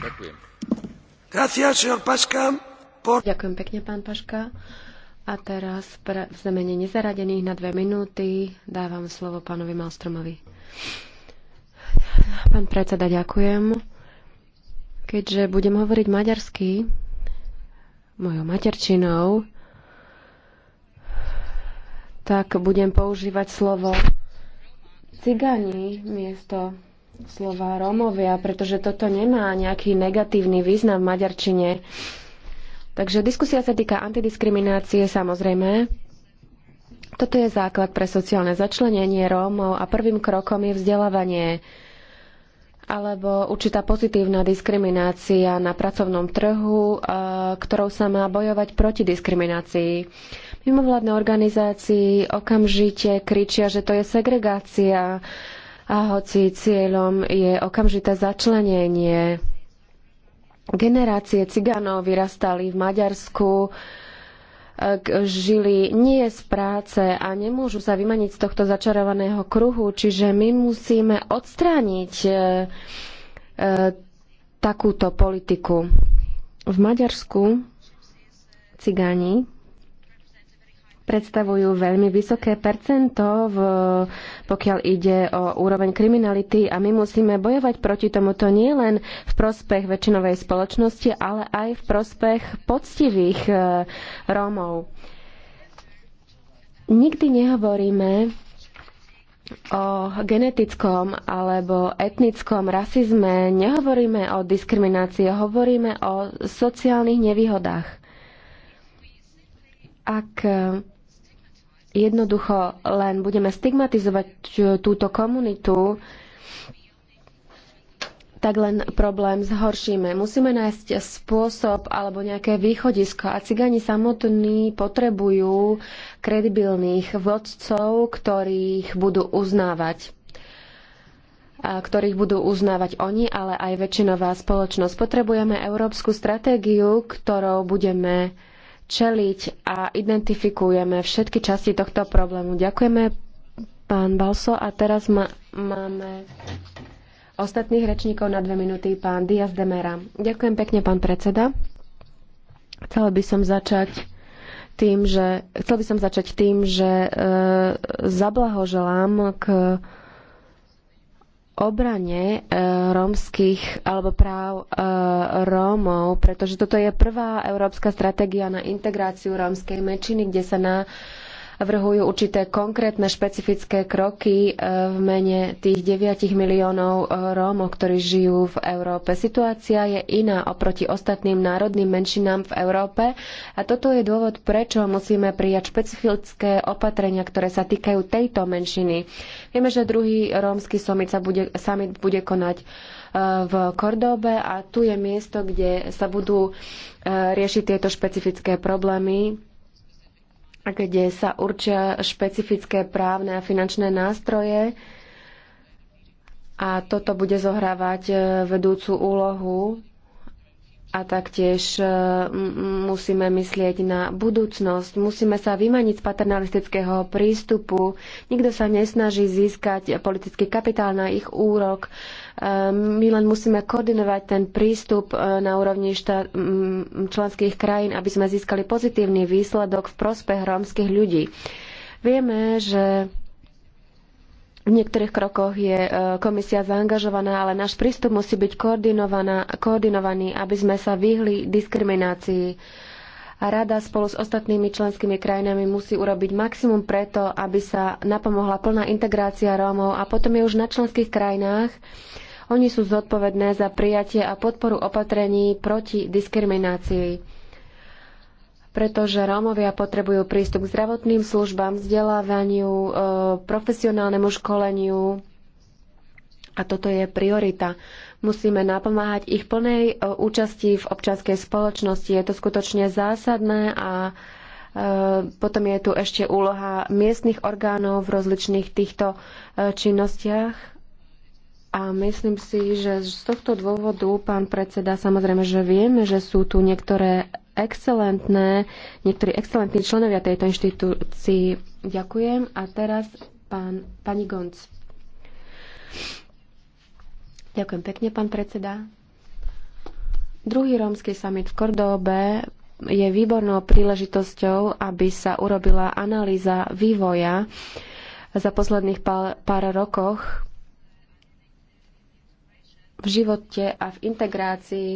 ďakujem. ďakujem pekne pán paška. A teraz pre, v zamene nezaradených na dve minúty dávam slovo pánovi Malstromovi. Pán predseda, ďakujem. Keďže budem hovoriť maďarsky, mojou materčinou, tak budem používať slovo cigáni miesto slova Romovia, pretože toto nemá nejaký negatívny význam v maďarčine. Takže diskusia sa týka antidiskriminácie samozrejme. Toto je základ pre sociálne začlenenie Rómov a prvým krokom je vzdelávanie alebo určitá pozitívna diskriminácia na pracovnom trhu, eh, ktorou sa má bojovať proti diskriminácii. Mimovládne organizácii okamžite kričia, že to je segregácia a hoci cieľom je okamžité začlenenie. Generácie cigánov vyrastali v Maďarsku, žili nie z práce a nemôžu sa vymaniť z tohto začarovaného kruhu, čiže my musíme odstrániť e, e, takúto politiku. V Maďarsku cigáni predstavujú veľmi vysoké percento, v, pokiaľ ide o úroveň kriminality a my musíme bojovať proti tomuto nielen v prospech väčšinovej spoločnosti, ale aj v prospech poctivých e, Rómov. Nikdy nehovoríme o genetickom alebo etnickom rasizme, nehovoríme o diskriminácii, hovoríme o sociálnych nevýhodách ak jednoducho len budeme stigmatizovať e, túto komunitu, tak len problém zhoršíme. Musíme nájsť spôsob alebo nejaké východisko. A cigáni samotní potrebujú kredibilných vodcov, ktorých budú uznávať ktorých budú uznávať oni, ale aj väčšinová spoločnosť. Potrebujeme európsku stratégiu, ktorou budeme čeliť a identifikujeme všetky časti tohto problému. Ďakujeme, pán Balso. A teraz ma- máme ostatných rečníkov na dve minúty, pán Diaz Demera. Ďakujem pekne, pán predseda. Chcel by som začať tým, že, chcel by som začať tým, že e, zablahoželám k e, obrane eh, rómskych alebo práv eh, Rómov, pretože toto je prvá európska stratégia na integráciu rómskej menšiny, kde sa na vrhujú určité konkrétne špecifické kroky e, v mene tých 9 miliónov e, Rómov, ktorí žijú v Európe. Situácia je iná oproti ostatným národným menšinám v Európe a toto je dôvod, prečo musíme prijať špecifické opatrenia, ktoré sa týkajú tejto menšiny. Vieme, že druhý rómsky summit sa bude, summit bude konať e, v Kordobe a tu je miesto, kde sa budú riešiť tieto špecifické problémy kde sa určia špecifické právne a finančné nástroje a toto bude zohrávať e, vedúcu úlohu a taktiež e, musíme myslieť na budúcnosť. Musíme sa vymaniť z paternalistického prístupu. Nikto sa nesnaží získať politický kapitál na ich úrok. My len musíme koordinovať ten prístup e, na úrovni štát, členských krajín, aby sme získali pozitívny výsledok v prospech rómskych ľudí. Vieme, že v niektorých krokoch je e, komisia zaangažovaná, ale náš prístup musí byť koordinovaný, aby sme sa vyhli diskriminácii a Rada spolu s ostatnými členskými krajinami musí urobiť maximum preto, aby sa napomohla plná integrácia Rómov a potom je už na členských krajinách. Oni sú zodpovedné za prijatie a podporu opatrení proti diskriminácii. Pretože Rómovia potrebujú prístup k zdravotným službám, vzdelávaniu, e, profesionálnemu školeniu, a toto je priorita. Musíme napomáhať ich plnej e, účasti v občianskej spoločnosti. Je to skutočne zásadné a e, potom je tu ešte úloha miestnych orgánov v rozličných týchto e, činnostiach. A myslím si, že z tohto dôvodu, pán predseda, samozrejme, že vieme, že sú tu niektoré excelentné, niektorí excelentní členovia tejto inštitúcii. Ďakujem. A teraz pán, pani Gonc. Ďakujem pekne, pán predseda. Druhý rómsky summit v Kordóbe je výbornou príležitosťou, aby sa urobila analýza vývoja za posledných pár rokoch v živote a v integrácii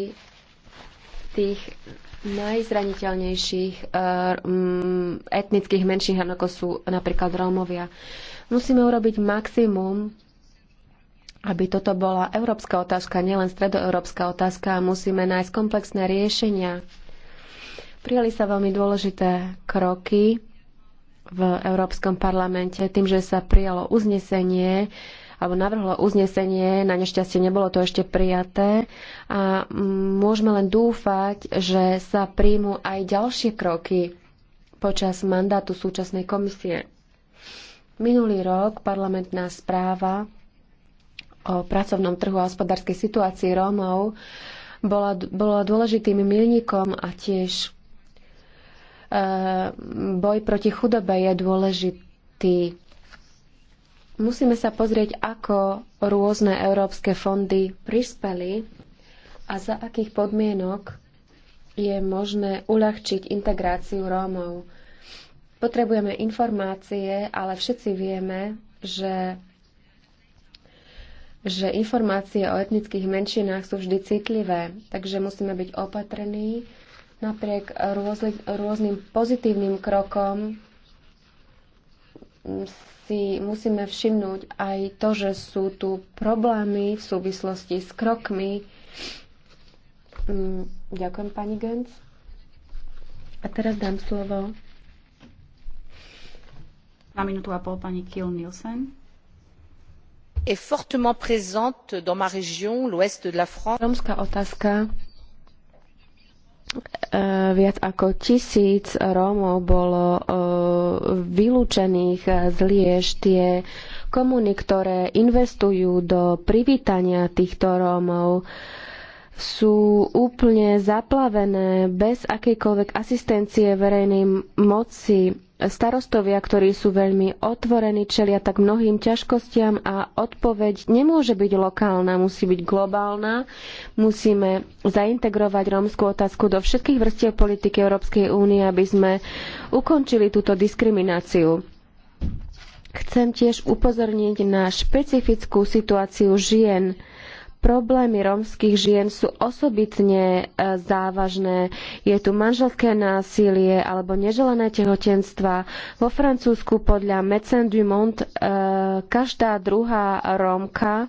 tých najzraniteľnejších eh, mm, etnických menších, ako sú napríklad Rómovia. Musíme urobiť maximum aby toto bola európska otázka, nielen stredoeurópska otázka musíme nájsť komplexné riešenia. Prijali sa veľmi dôležité kroky v Európskom parlamente tým, že sa prijalo uznesenie alebo navrhlo uznesenie, na nešťastie nebolo to ešte prijaté a mm, môžeme len dúfať, že sa príjmu aj ďalšie kroky počas mandátu súčasnej komisie. Minulý rok parlamentná správa o pracovnom trhu a hospodárskej situácii Rómov bola, bola dôležitým milníkom a tiež e, boj proti chudobe je dôležitý. Musíme sa pozrieť, ako rôzne európske fondy prispeli a za akých podmienok je možné uľahčiť integráciu Rómov. Potrebujeme informácie, ale všetci vieme, že že informácie o etnických menšinách sú vždy citlivé, takže musíme byť opatrní napriek rôzly, rôznym pozitívnym krokom si musíme všimnúť aj to, že sú tu problémy v súvislosti s krokmi. Mm, ďakujem, pani Gens. A teraz dám slovo. Na minútu a pol pani Kiel Nielsen est fortement présente dans ma région, l'ouest de la France. Rómska otázka e, viac ako tisíc Rómov bolo e, vylúčených z Liež. Tie komuny, ktoré investujú do privítania týchto Rómov, sú úplne zaplavené bez akejkoľvek asistencie verejnej moci starostovia, ktorí sú veľmi otvorení, čelia tak mnohým ťažkostiam a odpoveď nemôže byť lokálna, musí byť globálna. Musíme zaintegrovať rómskú otázku do všetkých vrstiev politiky Európskej únie, aby sme ukončili túto diskrimináciu. Chcem tiež upozorniť na špecifickú situáciu žien Problémy rómskych žien sú osobitne e, závažné. Je tu manželské násilie alebo neželené tehotenstva. Vo Francúzsku podľa Médecins du Monde e, každá druhá Rómka e,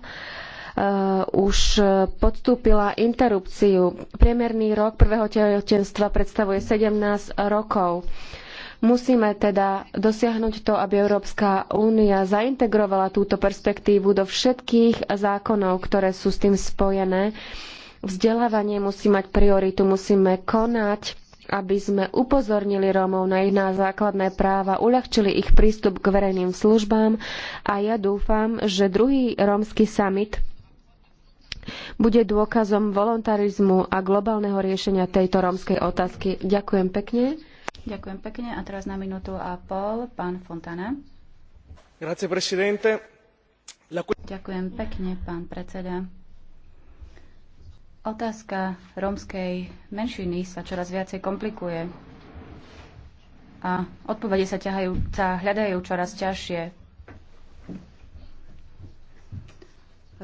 už podstúpila interrupciu. Priemerný rok prvého tehotenstva predstavuje 17 rokov. Musíme teda dosiahnuť to, aby Európska únia zaintegrovala túto perspektívu do všetkých zákonov, ktoré sú s tým spojené. Vzdelávanie musí mať prioritu, musíme konať aby sme upozornili Rómov na ich na základné práva, uľahčili ich prístup k verejným službám a ja dúfam, že druhý rómsky summit bude dôkazom voluntarizmu a globálneho riešenia tejto rómskej otázky. Ďakujem pekne. Ďakujem pekne. A teraz na minútu a pol pán Fontana. Grazie, presidente. La... Ďakujem pekne, pán predseda. Otázka rómskej menšiny sa čoraz viacej komplikuje a odpovede sa, ťahajú, sa hľadajú čoraz ťažšie.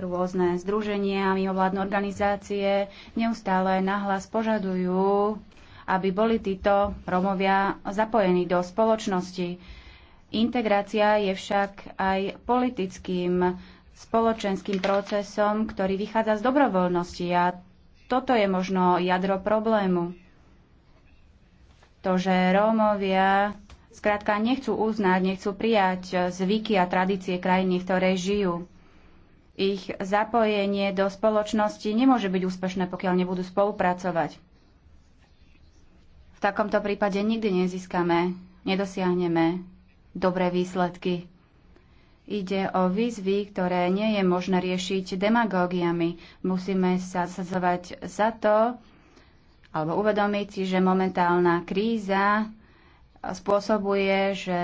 Rôzne združenia, mimovládne organizácie neustále nahlas požadujú aby boli títo Romovia zapojení do spoločnosti. Integrácia je však aj politickým spoločenským procesom, ktorý vychádza z dobrovoľnosti a toto je možno jadro problému. To, že Rómovia skrátka nechcú uznať, nechcú prijať zvyky a tradície krajiny, v ktorej žijú. Ich zapojenie do spoločnosti nemôže byť úspešné, pokiaľ nebudú spolupracovať takomto prípade nikdy nezískame, nedosiahneme dobré výsledky. Ide o výzvy, ktoré nie je možné riešiť demagógiami. Musíme sa zasadzovať za to, alebo uvedomiť si, že momentálna kríza spôsobuje, že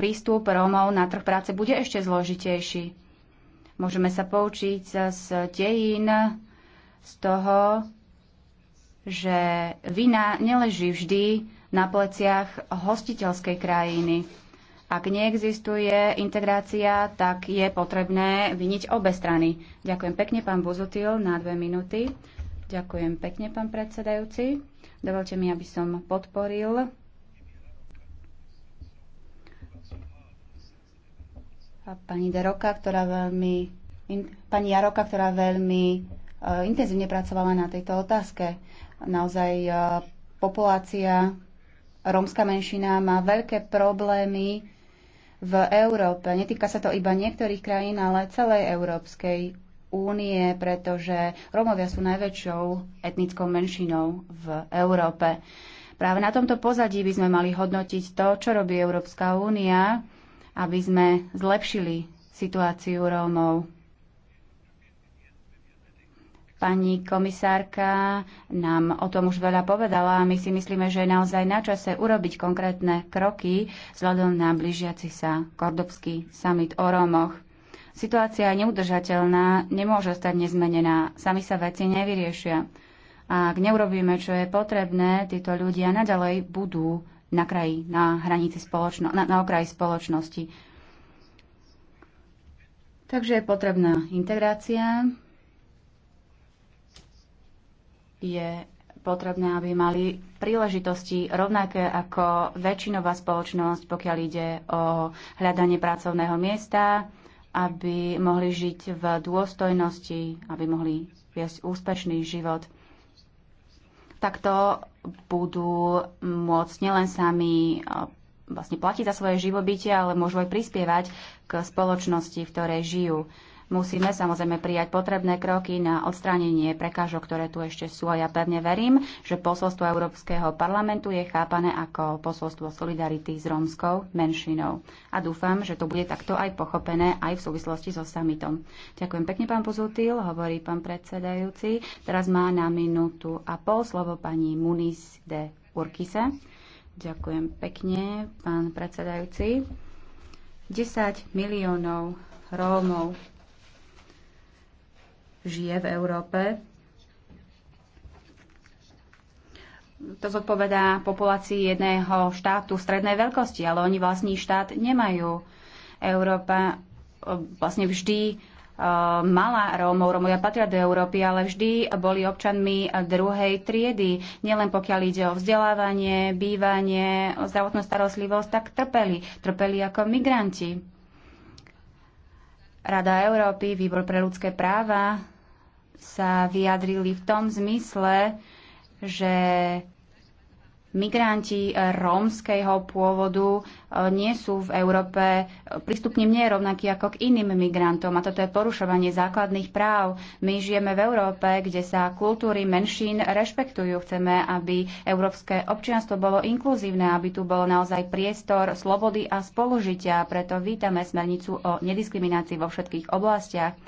prístup Rómov na trh práce bude ešte zložitejší. Môžeme sa poučiť z dejín, z toho, že vina neleží vždy na pleciach hostiteľskej krajiny. Ak neexistuje integrácia, tak je potrebné vyniť obe strany. Ďakujem pekne, pán Buzutil, na dve minúty. Ďakujem pekne, pán predsedajúci. Dovolte mi, aby som podporil a pani Deroka, ktorá veľmi, in, pani Jaroka, ktorá veľmi uh, intenzívne pracovala na tejto otázke. Naozaj e, populácia, rómska menšina má veľké problémy v Európe. Netýka sa to iba niektorých krajín, ale celej Európskej únie, pretože Rómovia sú najväčšou etnickou menšinou v Európe. Práve na tomto pozadí by sme mali hodnotiť to, čo robí Európska únia, aby sme zlepšili situáciu Rómov. Pani komisárka nám o tom už veľa povedala a my si myslíme, že je naozaj na čase urobiť konkrétne kroky vzhľadom na blížiaci sa Kordobský summit o Rómoch. Situácia je neudržateľná, nemôže stať nezmenená, sami sa veci nevyriešia. A ak neurobíme, čo je potrebné, títo ľudia naďalej budú na kraji, na hranici spoločno, na, na okraji spoločnosti. Takže je potrebná integrácia, je potrebné, aby mali príležitosti rovnaké ako väčšinová spoločnosť, pokiaľ ide o hľadanie pracovného miesta, aby mohli žiť v dôstojnosti, aby mohli viesť úspešný život. Takto budú môcť nielen sami vlastne platiť za svoje živobytie, ale môžu aj prispievať k spoločnosti, v ktorej žijú. Musíme samozrejme prijať potrebné kroky na odstránenie prekážok, ktoré tu ešte sú a ja pevne verím, že posolstvo Európskeho parlamentu je chápané ako posolstvo solidarity s rómskou menšinou. A dúfam, že to bude takto aj pochopené aj v súvislosti so summitom. Ďakujem pekne, pán Pozutil, hovorí pán predsedajúci. Teraz má na minútu a pol slovo pani Muniz de Urkise. Ďakujem pekne, pán predsedajúci. 10 miliónov Rómov žije v Európe. To zodpovedá populácii jedného štátu strednej veľkosti, ale oni vlastný štát nemajú. Európa eh, vlastne vždy eh, mala Rómov, Rómovia patria do Európy, ale vždy boli občanmi druhej triedy. Nielen pokiaľ ide o vzdelávanie, bývanie, o zdravotnú starostlivosť, tak trpeli. Trpeli ako migranti. Rada Európy, Výbor pre ľudské práva sa vyjadrili v tom zmysle, že migranti eh, rómskeho pôvodu eh, nie sú v Európe, eh, prístupne nie je rovnaký ako k iným migrantom a toto je porušovanie základných práv. My žijeme v Európe, kde sa kultúry menšín rešpektujú. Chceme, aby európske občianstvo bolo inkluzívne, aby tu bol naozaj priestor slobody a spolužitia. Preto vítame smernicu o nediskriminácii vo všetkých oblastiach.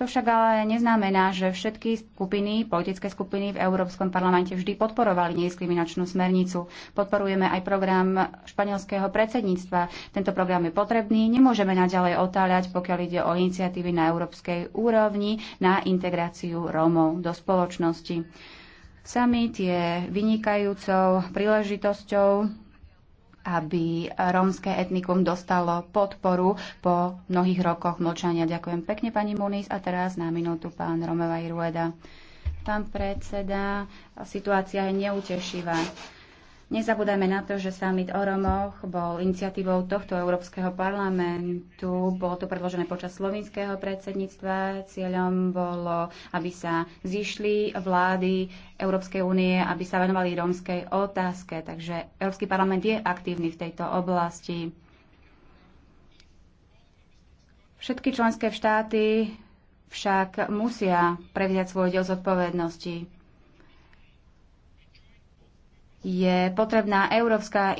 To však ale neznamená, že všetky skupiny, politické skupiny v Európskom parlamente vždy podporovali nediskriminačnú smernicu. Podporujeme aj program španielského predsedníctva. Tento program je potrebný, nemôžeme naďalej otáľať, pokiaľ ide o iniciatívy na európskej úrovni na integráciu Rómov do spoločnosti. Summit je vynikajúcou príležitosťou aby rómske etnikum dostalo podporu po mnohých rokoch mlčania. Ďakujem pekne, pani Muniz. A teraz na minútu pán Romeva Irueda. Pán predseda, situácia je neutešivá. Nezabúdajme na to, že summit o Romoch bol iniciatívou tohto Európskeho parlamentu. Bolo to predložené počas slovinského predsedníctva. Cieľom bolo, aby sa zišli vlády Európskej únie, aby sa venovali rómskej otázke. Takže Európsky parlament je aktívny v tejto oblasti. Všetky členské štáty však musia prevziať svoj diel zodpovednosti je potrebná európska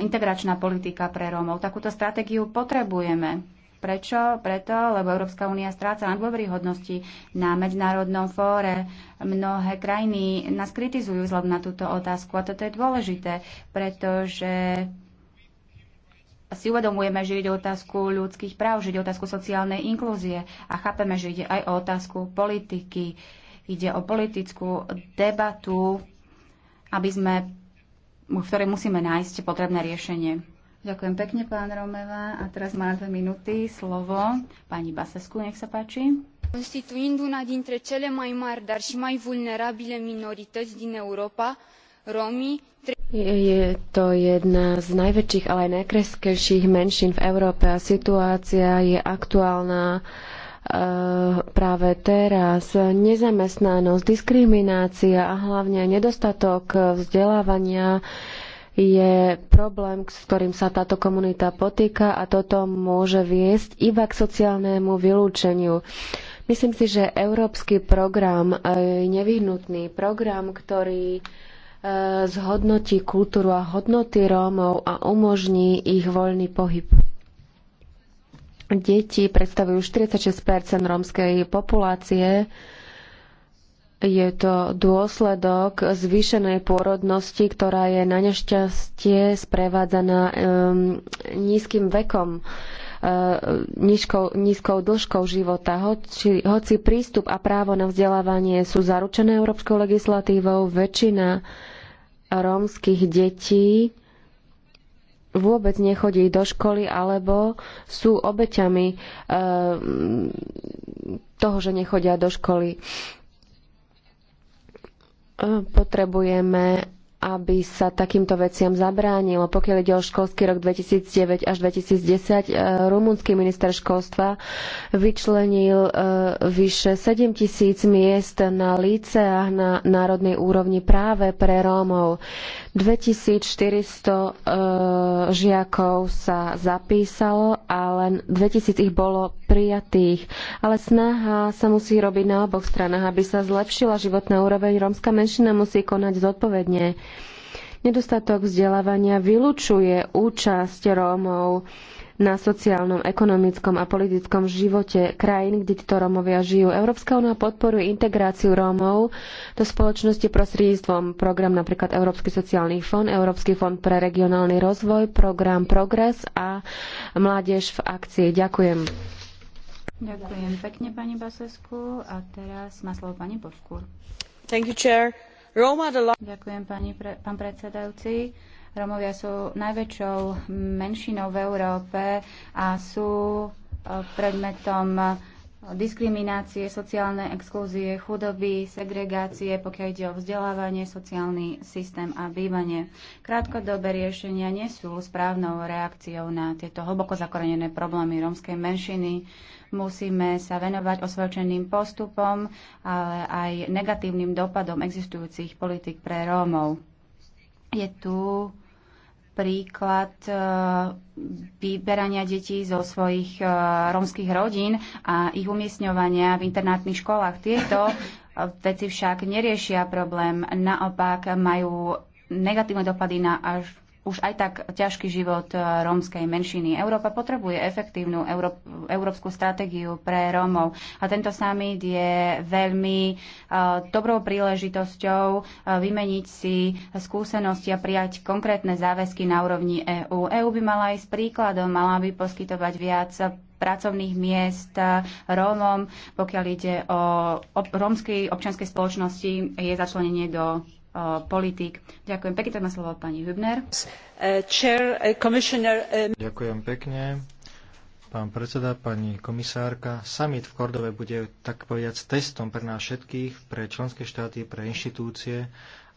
integračná politika pre Rómov. Takúto stratégiu potrebujeme. Prečo? Preto, lebo Európska únia stráca na dôveryhodnosti na medzinárodnom fóre. Mnohé krajiny nás kritizujú vzhľadom na túto otázku a toto je dôležité, pretože si uvedomujeme, že ide o otázku ľudských práv, že ide o otázku sociálnej inklúzie a chápeme, že ide aj o otázku politiky. Ide o politickú debatu aby sme, v ktorej musíme nájsť potrebné riešenie. Ďakujem pekne, pán Romeva. A teraz má dve minúty slovo pani Basescu, nech sa páči. Constituind una dintre cele mai mari, dar și mai vulnerabile minorități din Europa, Romii je to jedna z najväčších, ale aj najkreskejších menšín v Európe a situácia je aktuálna Eh, práve teraz. Nezamestnanosť, diskriminácia a hlavne nedostatok vzdelávania je problém, s ktorým sa táto komunita potýka a toto môže viesť iba k sociálnemu vylúčeniu. Myslím si, že európsky program je eh, nevyhnutný program, ktorý eh, zhodnotí kultúru a hodnoty Rómov a umožní ich voľný pohyb. Deti predstavujú 46 rómskej populácie. Je to dôsledok zvýšenej pôrodnosti, ktorá je na nešťastie sprevádzaná um, nízkym vekom, uh, nízkou, nízkou dĺžkou života. Hoci, hoci prístup a právo na vzdelávanie sú zaručené európskou legislatívou, väčšina rómskych detí vôbec nechodí do školy alebo sú obeťami eh, toho, že nechodia do školy. Eh, potrebujeme aby sa takýmto veciam zabránilo. Pokiaľ ide o školský rok 2009 až 2010, eh, rumúnsky minister školstva vyčlenil vyše 7 tisíc miest na líceách na národnej úrovni práve pre Rómov. 2400 e, žiakov sa zapísalo a len 2000 ich bolo prijatých. Ale snaha sa musí robiť na oboch stranách. Aby sa zlepšila životná úroveň, rómska menšina musí konať zodpovedne. Nedostatok vzdelávania vylučuje účasť Rómov na sociálnom, ekonomickom a politickom živote krajín, kde títo Rómovia žijú. Európska únia podporuje integráciu Rómov do spoločnosti prostredníctvom program napríklad Európsky sociálny fond, Európsky fond pre regionálny rozvoj, program Progres a Mládež v akcii. Ďakujem. Ďakujem pekne, pani Basesku. A teraz má slovo pani Boskúr. Thank you, chair. Roma Ďakujem, pani pre... pán predsedajúci. Romovia sú najväčšou menšinou v Európe a sú e, predmetom e, diskriminácie, sociálnej exklúzie, chudoby, segregácie, pokiaľ ide o vzdelávanie, sociálny systém a bývanie. Krátkodobé riešenia nie sú správnou reakciou na tieto hlboko zakorenené problémy rómskej menšiny. Musíme sa venovať osvedčeným postupom, ale aj negatívnym dopadom existujúcich politik pre Rómov je tu príklad e, vyberania detí zo svojich e, romských rodín a ich umiestňovania v internátnych školách. Tieto e, veci však neriešia problém, naopak majú negatívne dopady na až už aj tak ťažký život e, rómskej menšiny. Európa potrebuje efektívnu euró- európsku stratégiu pre Rómov a tento summit je veľmi uh, dobrou príležitosťou uh, vymeniť si skúsenosti a prijať konkrétne záväzky na úrovni EÚ. EÚ by mala aj s príkladom, mala by poskytovať viac pracovných miest Rómom. Pokiaľ ide o ob- rómskej občianskej spoločnosti, je začlenenie do E, politík. Ďakujem pekne, tak slovo pani Hübner. E, e, Ďakujem pekne. Pán predseda, pani komisárka, summit v Kordove bude tak povedať testom pre nás všetkých, pre členské štáty, pre inštitúcie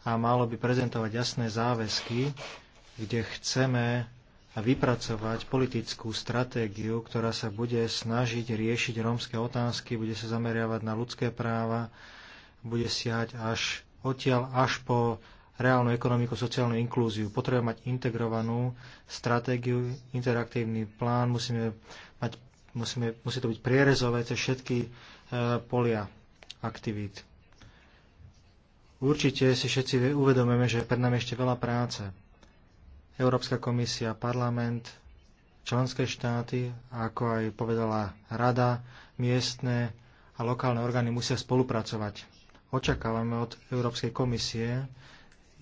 a malo by prezentovať jasné záväzky, kde chceme vypracovať politickú stratégiu, ktorá sa bude snažiť riešiť rómske otázky, bude sa zameriavať na ľudské práva, bude siahať až odtiaľ až po reálnu ekonomiku, sociálnu inklúziu. Potrebujeme mať integrovanú stratégiu, interaktívny plán, musíme mať, musíme, musí to byť prierezové cez všetky e, polia aktivít. Určite si všetci uvedomujeme, že pred nami ešte veľa práce. Európska komisia, parlament, členské štáty, ako aj povedala rada, miestne a lokálne orgány musia spolupracovať Očakávame od Európskej komisie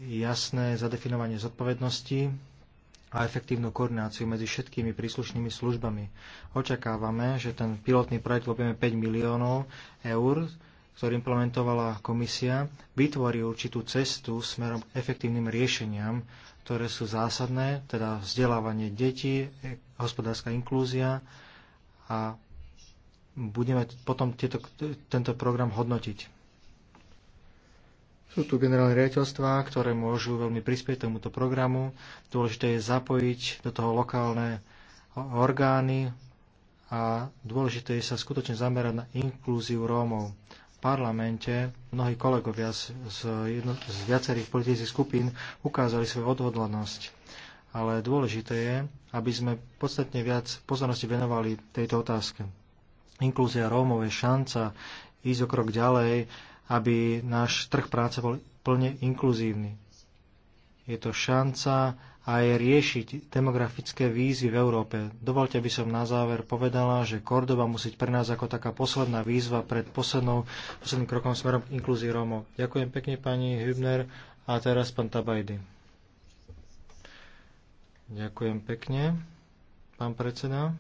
jasné zadefinovanie zodpovednosti a efektívnu koordináciu medzi všetkými príslušnými službami. Očakávame, že ten pilotný projekt v objeme 5 miliónov eur, ktorý implementovala komisia, vytvorí určitú cestu smerom k efektívnym riešeniam, ktoré sú zásadné, teda vzdelávanie detí, hospodárska inklúzia a budeme potom tieto, tento program hodnotiť. Sú tu generálne riaditeľstvá, ktoré môžu veľmi prispieť tomuto programu. Dôležité je zapojiť do toho lokálne orgány a dôležité je sa skutočne zamerať na inklúziu Rómov. V parlamente mnohí kolegovia z, z, jedno, z viacerých politických skupín ukázali svoju odhodlanosť. Ale dôležité je, aby sme podstatne viac pozornosti venovali tejto otázke. Inklúzia Rómov je šanca ísť o krok ďalej, aby náš trh práce bol plne inkluzívny. Je to šanca aj riešiť demografické výzvy v Európe. Dovolte, aby som na záver povedala, že Kordoba musí pre nás ako taká posledná výzva pred poslednou, posledným krokom smerom inkluzí Rómov. Ďakujem pekne pani Hübner a teraz pán Tabajdy. Ďakujem pekne, pán predseda.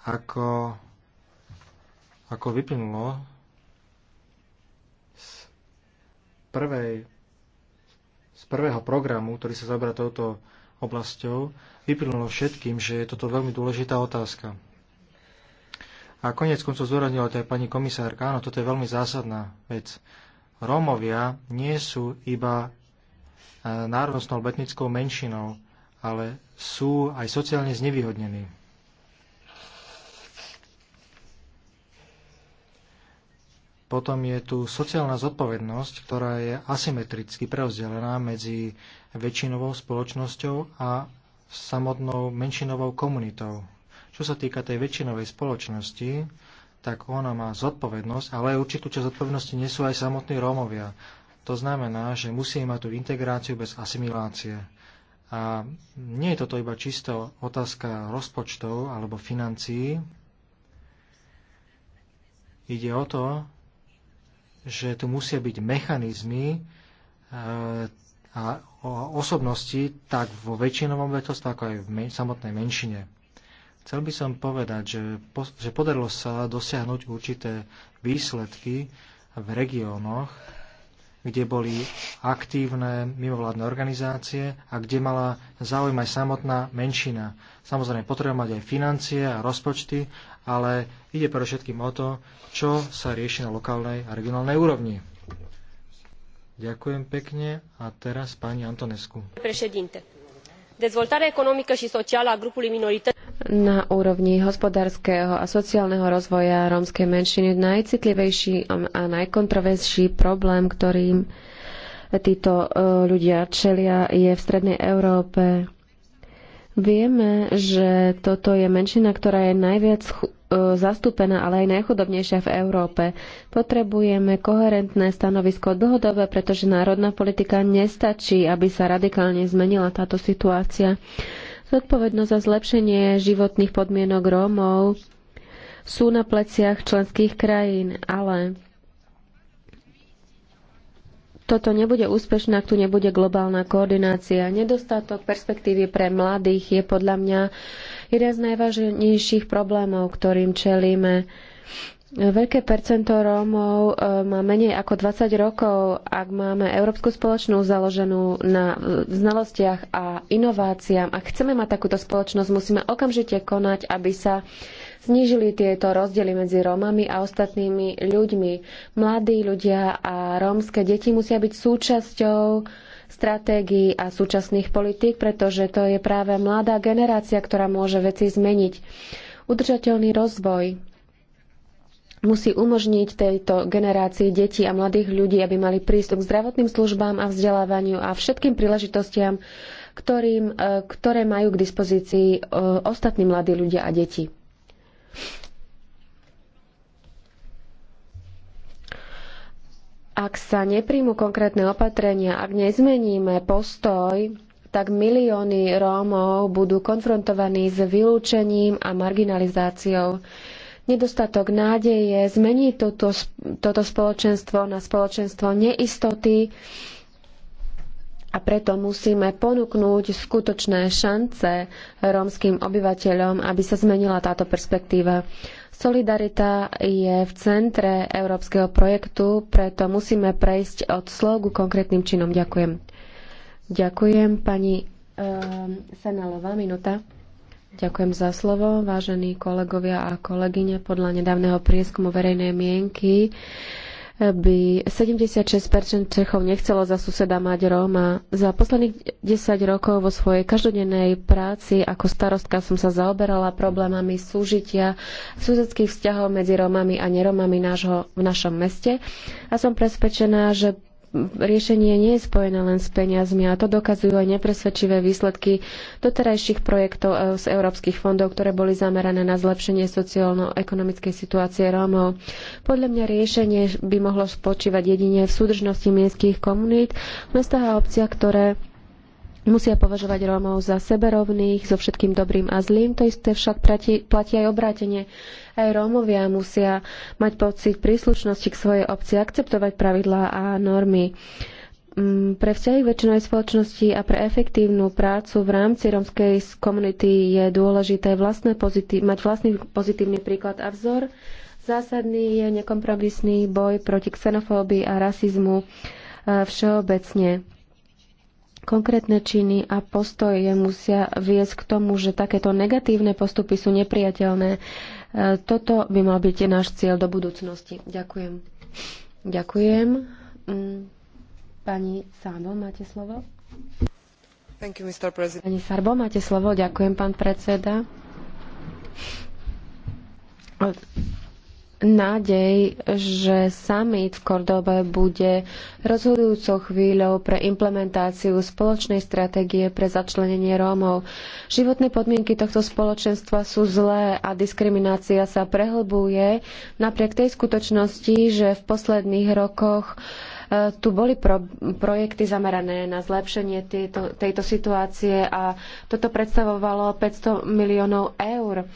Ako, ako vyplynulo z, prvej, z prvého programu, ktorý sa zabrá touto oblasťou, vyplynulo všetkým, že je toto veľmi dôležitá otázka. A konec koncov zdôraznila to aj pani komisárka, áno, toto je veľmi zásadná vec. Rómovia nie sú iba e, národnostnou letnickou menšinou, ale sú aj sociálne znevýhodnení. Potom je tu sociálna zodpovednosť, ktorá je asymetricky prerozdelená medzi väčšinovou spoločnosťou a samotnou menšinovou komunitou. Čo sa týka tej väčšinovej spoločnosti, tak ona má zodpovednosť, ale aj určitú časť zodpovednosti nesú aj samotní Rómovia. To znamená, že musí mať tú integráciu bez asimilácie. A nie je toto iba čisto otázka rozpočtov alebo financií. Ide o to, že tu musia byť mechanizmy e, a osobnosti tak vo väčšinovom obyvateľstve, ako aj v men- samotnej menšine. Chcel by som povedať, že, po- že podarilo sa dosiahnuť určité výsledky v regiónoch, kde boli aktívne mimovládne organizácie a kde mala záujem aj samotná menšina. Samozrejme, potrebujeme mať aj financie a rozpočty, ale ide všetkým o to, čo sa rieši na lokálnej a regionálnej úrovni. Ďakujem pekne a teraz pani Antonescu. Prešedinte și a grupului minorități. Na úrovni hospodárskeho a sociálneho rozvoja rómskej menšiny je najcitlivejší a najkontroverzší problém, ktorým títo e, ľudia čelia, je v strednej Európe Vieme, že toto je menšina, ktorá je najviac e, zastúpená, ale aj najchudobnejšia v Európe. Potrebujeme koherentné stanovisko dlhodobé, pretože národná politika nestačí, aby sa radikálne zmenila táto situácia. Zodpovednosť za zlepšenie životných podmienok Rómov sú na pleciach členských krajín, ale toto nebude úspešné, ak tu nebude globálna koordinácia. Nedostatok perspektívy pre mladých je podľa mňa jeden z najvážnejších problémov, ktorým čelíme. Veľké percento Rómov e, má menej ako 20 rokov, ak máme európsku spoločnú založenú na znalostiach a inováciám. Ak chceme mať takúto spoločnosť, musíme okamžite konať, aby sa znížili tieto rozdiely medzi Rómami a ostatnými ľuďmi. Mladí ľudia a rómske deti musia byť súčasťou stratégií a súčasných politík, pretože to je práve mladá generácia, ktorá môže veci zmeniť. Udržateľný rozvoj musí umožniť tejto generácii detí a mladých ľudí, aby mali prístup k zdravotným službám a vzdelávaniu a všetkým príležitostiam, ktorým, e, ktoré majú k dispozícii e, ostatní mladí ľudia a deti. Ak sa nepríjmu konkrétne opatrenia, ak nezmeníme postoj, tak milióny Rómov budú konfrontovaní s vylúčením a marginalizáciou nedostatok nádeje zmeniť toto, toto spoločenstvo na spoločenstvo neistoty a preto musíme ponúknúť skutočné šance rómskym obyvateľom, aby sa zmenila táto perspektíva. Solidarita je v centre európskeho projektu, preto musíme prejsť od slov ku konkrétnym činom. Ďakujem. Ďakujem pani um, ehm, Senalová, minúta. Ďakujem za slovo, vážení kolegovia a kolegyne. Podľa nedávneho prieskumu verejnej mienky uh, by 76% Čechov nechcelo za suseda mať Róma. Za posledných 10 rokov vo svojej každodennej práci ako starostka som sa zaoberala problémami súžitia, susedských vzťahov medzi Rómami a neromami nášho, v našom meste a som presvedčená, že riešenie nie je spojené len s peniazmi a to dokazujú aj nepresvedčivé výsledky doterajších projektov e, z európskych fondov, ktoré boli zamerané na zlepšenie sociálno-ekonomickej situácie Rómov. Podľa mňa riešenie by mohlo spočívať jedine v súdržnosti miestských komunít v mestách a obciach, ktoré musia považovať Rómov za seberovných, so všetkým dobrým a zlým. To isté však platí, platí aj obrátenie. Aj Rómovia musia mať pocit príslušnosti k svojej obci, akceptovať pravidlá a normy. Mm, pre vzťahy väčšinovej spoločnosti a pre efektívnu prácu v rámci rómskej komunity je dôležité vlastné pozitív, mať vlastný pozitívny príklad a vzor. Zásadný je nekompromisný boj proti xenofóbii a rasizmu e, všeobecne Konkrétne činy a postoje musia viesť k tomu, že takéto negatívne postupy sú nepriateľné. E, toto by mal byť náš cieľ do budúcnosti. Ďakujem. Ďakujem. Mm, pani Sábo, máte slovo? You, Pani Sarbo, máte slovo. Ďakujem, pán predseda nádej, že summit v Kordobe bude rozhodujúcou chvíľou pre implementáciu spoločnej stratégie pre začlenenie Rómov. Životné podmienky tohto spoločenstva sú zlé a diskriminácia sa prehlbuje napriek tej skutočnosti, že v posledných rokoch e, tu boli pro, projekty zamerané na zlepšenie tejto, tejto situácie a toto predstavovalo 500 miliónov eur.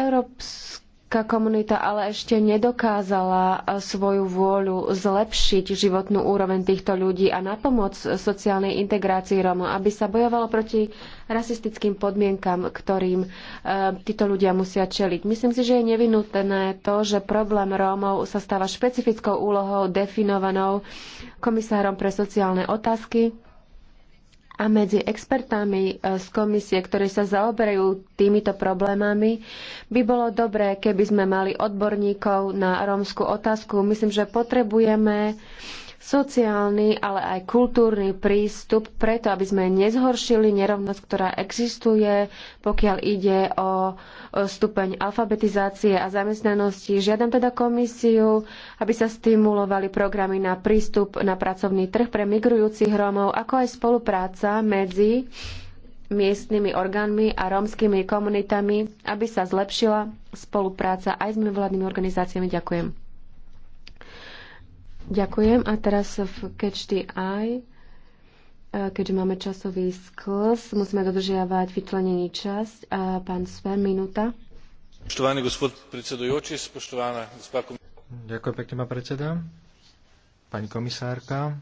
Európska komunita ale ešte nedokázala e, svoju vôľu zlepšiť životnú úroveň týchto ľudí a na pomoc sociálnej integrácii Rómov, aby sa bojovalo proti rasistickým podmienkam, ktorým e, títo ľudia musia čeliť. Myslím si, že je nevinutné to, že problém Rómov sa stáva špecifickou úlohou definovanou komisárom pre sociálne otázky a medzi expertami e, z komisie, ktorí sa zaoberajú týmito problémami, by bolo dobré, keby sme mali odborníkov na rómskú otázku. Myslím, že potrebujeme sociálny, ale aj kultúrny prístup preto, aby sme nezhoršili nerovnosť, ktorá existuje, pokiaľ ide o stupeň alfabetizácie a zamestnanosti. Žiadam teda komisiu, aby sa stimulovali programy na prístup na pracovný trh pre migrujúcich Rómov, ako aj spolupráca medzi miestnymi orgánmi a rómskymi komunitami, aby sa zlepšila spolupráca aj s mimovládnymi organizáciami. Ďakujem. Ďakujem. A teraz v Catch the Eye, eh, keďže máme časový sklz, musíme dodržiavať vyčlenený čas. A pán Sver, minúta. Poštovaný gospod predsedujúci, spoštovaná gospa Ďakujem pekne, pán predseda. Pani komisárka,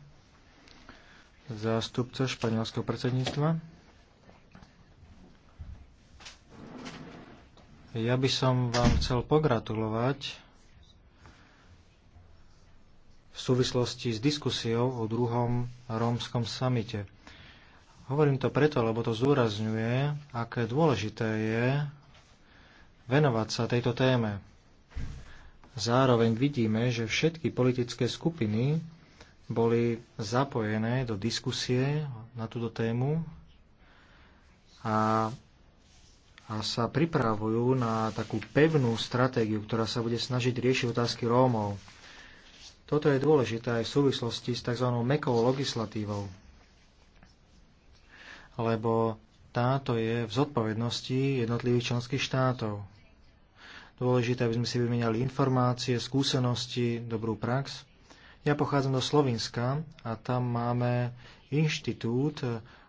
zástupca španielského predsedníctva. Ja by som vám chcel pogratulovať súvislosti s diskusiou o druhom rómskom samite. Hovorím to preto, lebo to zúrazňuje, aké dôležité je venovať sa tejto téme. Zároveň vidíme, že všetky politické skupiny boli zapojené do diskusie na túto tému a, a sa pripravujú na takú pevnú stratégiu, ktorá sa bude snažiť riešiť otázky Rómov. Toto je dôležité aj v súvislosti s tzv. mekou legislatívou, lebo táto je v zodpovednosti jednotlivých členských štátov. Dôležité, aby sme si vymenali informácie, skúsenosti, dobrú prax. Ja pochádzam do Slovenska a tam máme inštitút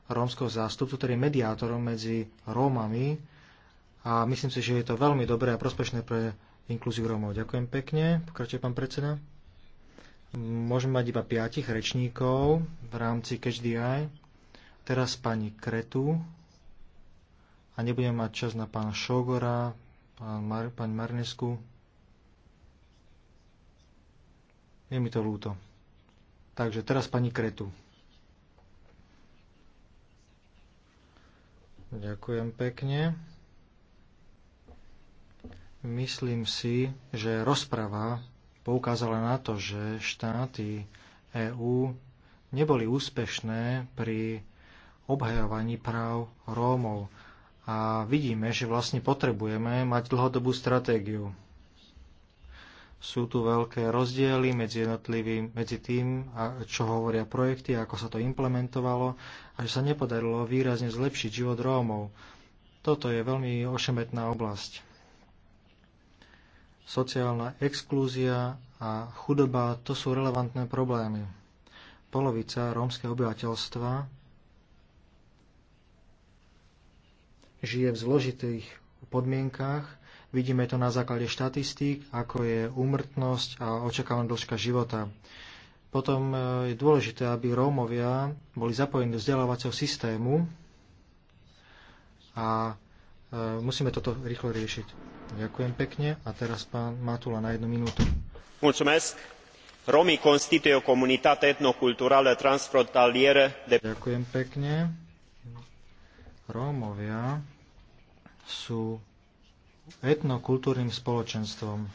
rómskeho zástupcu, ktorý je mediátorom medzi Rómami a myslím si, že je to veľmi dobré a prospešné pre inkluziu Rómov. Ďakujem pekne. Pokračuje pán predseda. Môžeme mať iba piatich rečníkov v rámci Catch Teraz pani Kretu. A nebudeme mať čas na pána Šogora, pán Mar- pani Marnesku. Je mi to ľúto. Takže teraz pani Kretu. Ďakujem pekne. Myslím si, že rozprava poukázala na to, že štáty EÚ neboli úspešné pri obhajovaní práv Rómov. A vidíme, že vlastne potrebujeme mať dlhodobú stratégiu. Sú tu veľké rozdiely medzi jednotlivým, medzi tým, čo hovoria projekty, ako sa to implementovalo a že sa nepodarilo výrazne zlepšiť život Rómov. Toto je veľmi ošemetná oblasť sociálna exklúzia a chudoba, to sú relevantné problémy. Polovica rómskeho obyvateľstva žije v zložitých podmienkách. Vidíme to na základe štatistík, ako je úmrtnosť a očakávaná dĺžka života. Potom e, je dôležité, aby Rómovia boli zapojení do vzdelávacieho systému a Eh, musíme toto rýchlo riešiť. Ďakujem pekne a teraz pán Matula na jednu minútu. Mulțumesc. Romii constituie o comunitate etnoculturală transfrontalieră de... Ďakujem pekne. Rómovia sú etnokultúrnym spoločenstvom,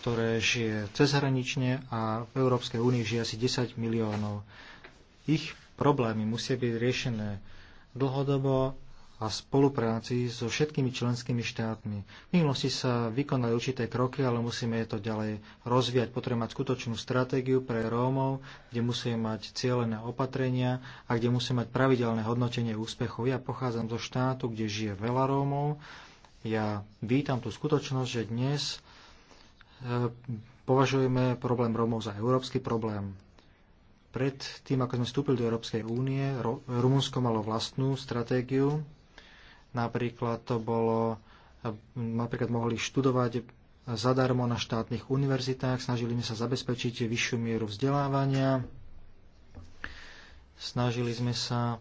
ktoré žije cezhranične a v Európskej únii žije asi 10 miliónov. Ich problémy musia byť riešené dlhodobo a spolupráci so všetkými členskými štátmi. V minulosti sa vykonali určité kroky, ale musíme to ďalej rozvíjať. Potrebujeme mať skutočnú stratégiu pre Rómov, kde musíme mať cieľené opatrenia a kde musíme mať pravidelné hodnotenie úspechov. Ja pochádzam zo štátu, kde žije veľa Rómov. Ja vítam tú skutočnosť, že dnes e, považujeme problém Rómov za európsky problém pred tým, ako sme vstúpili do Európskej únie, Rumunsko malo vlastnú stratégiu Napríklad to bolo, napríklad mohli študovať zadarmo na štátnych univerzitách, snažili sme sa zabezpečiť vyššiu mieru vzdelávania, snažili sme sa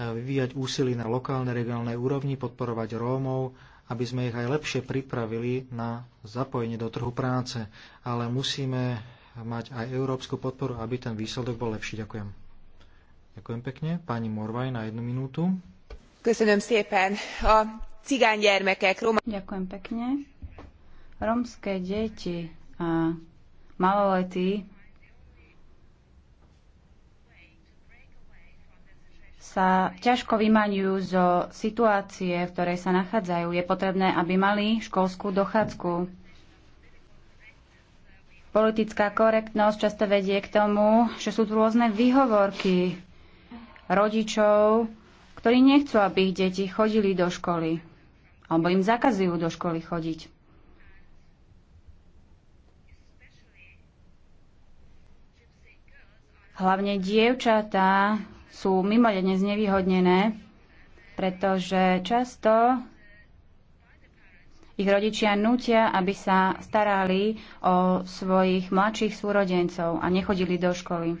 vyvíjať úsilí na lokálnej, regionálnej úrovni, podporovať Rómov, aby sme ich aj lepšie pripravili na zapojenie do trhu práce. Ale musíme mať aj európsku podporu, aby ten výsledok bol lepší. Ďakujem. Ďakujem pekne. Pani Morvaj na jednu minútu a cigánygyermekek Ďakujem pekne. Romské deti a maloletí sa ťažko vymaňujú zo situácie, v ktorej sa nachádzajú. Je potrebné, aby mali školskú dochádzku. Politická korektnosť často vedie k tomu, že sú tu rôzne výhovorky rodičov, ktorí nechcú, aby ich deti chodili do školy, alebo im zakazujú do školy chodiť. Hlavne dievčatá sú mimoriadne znevýhodnené, pretože často ich rodičia nutia, aby sa starali o svojich mladších súrodencov a nechodili do školy.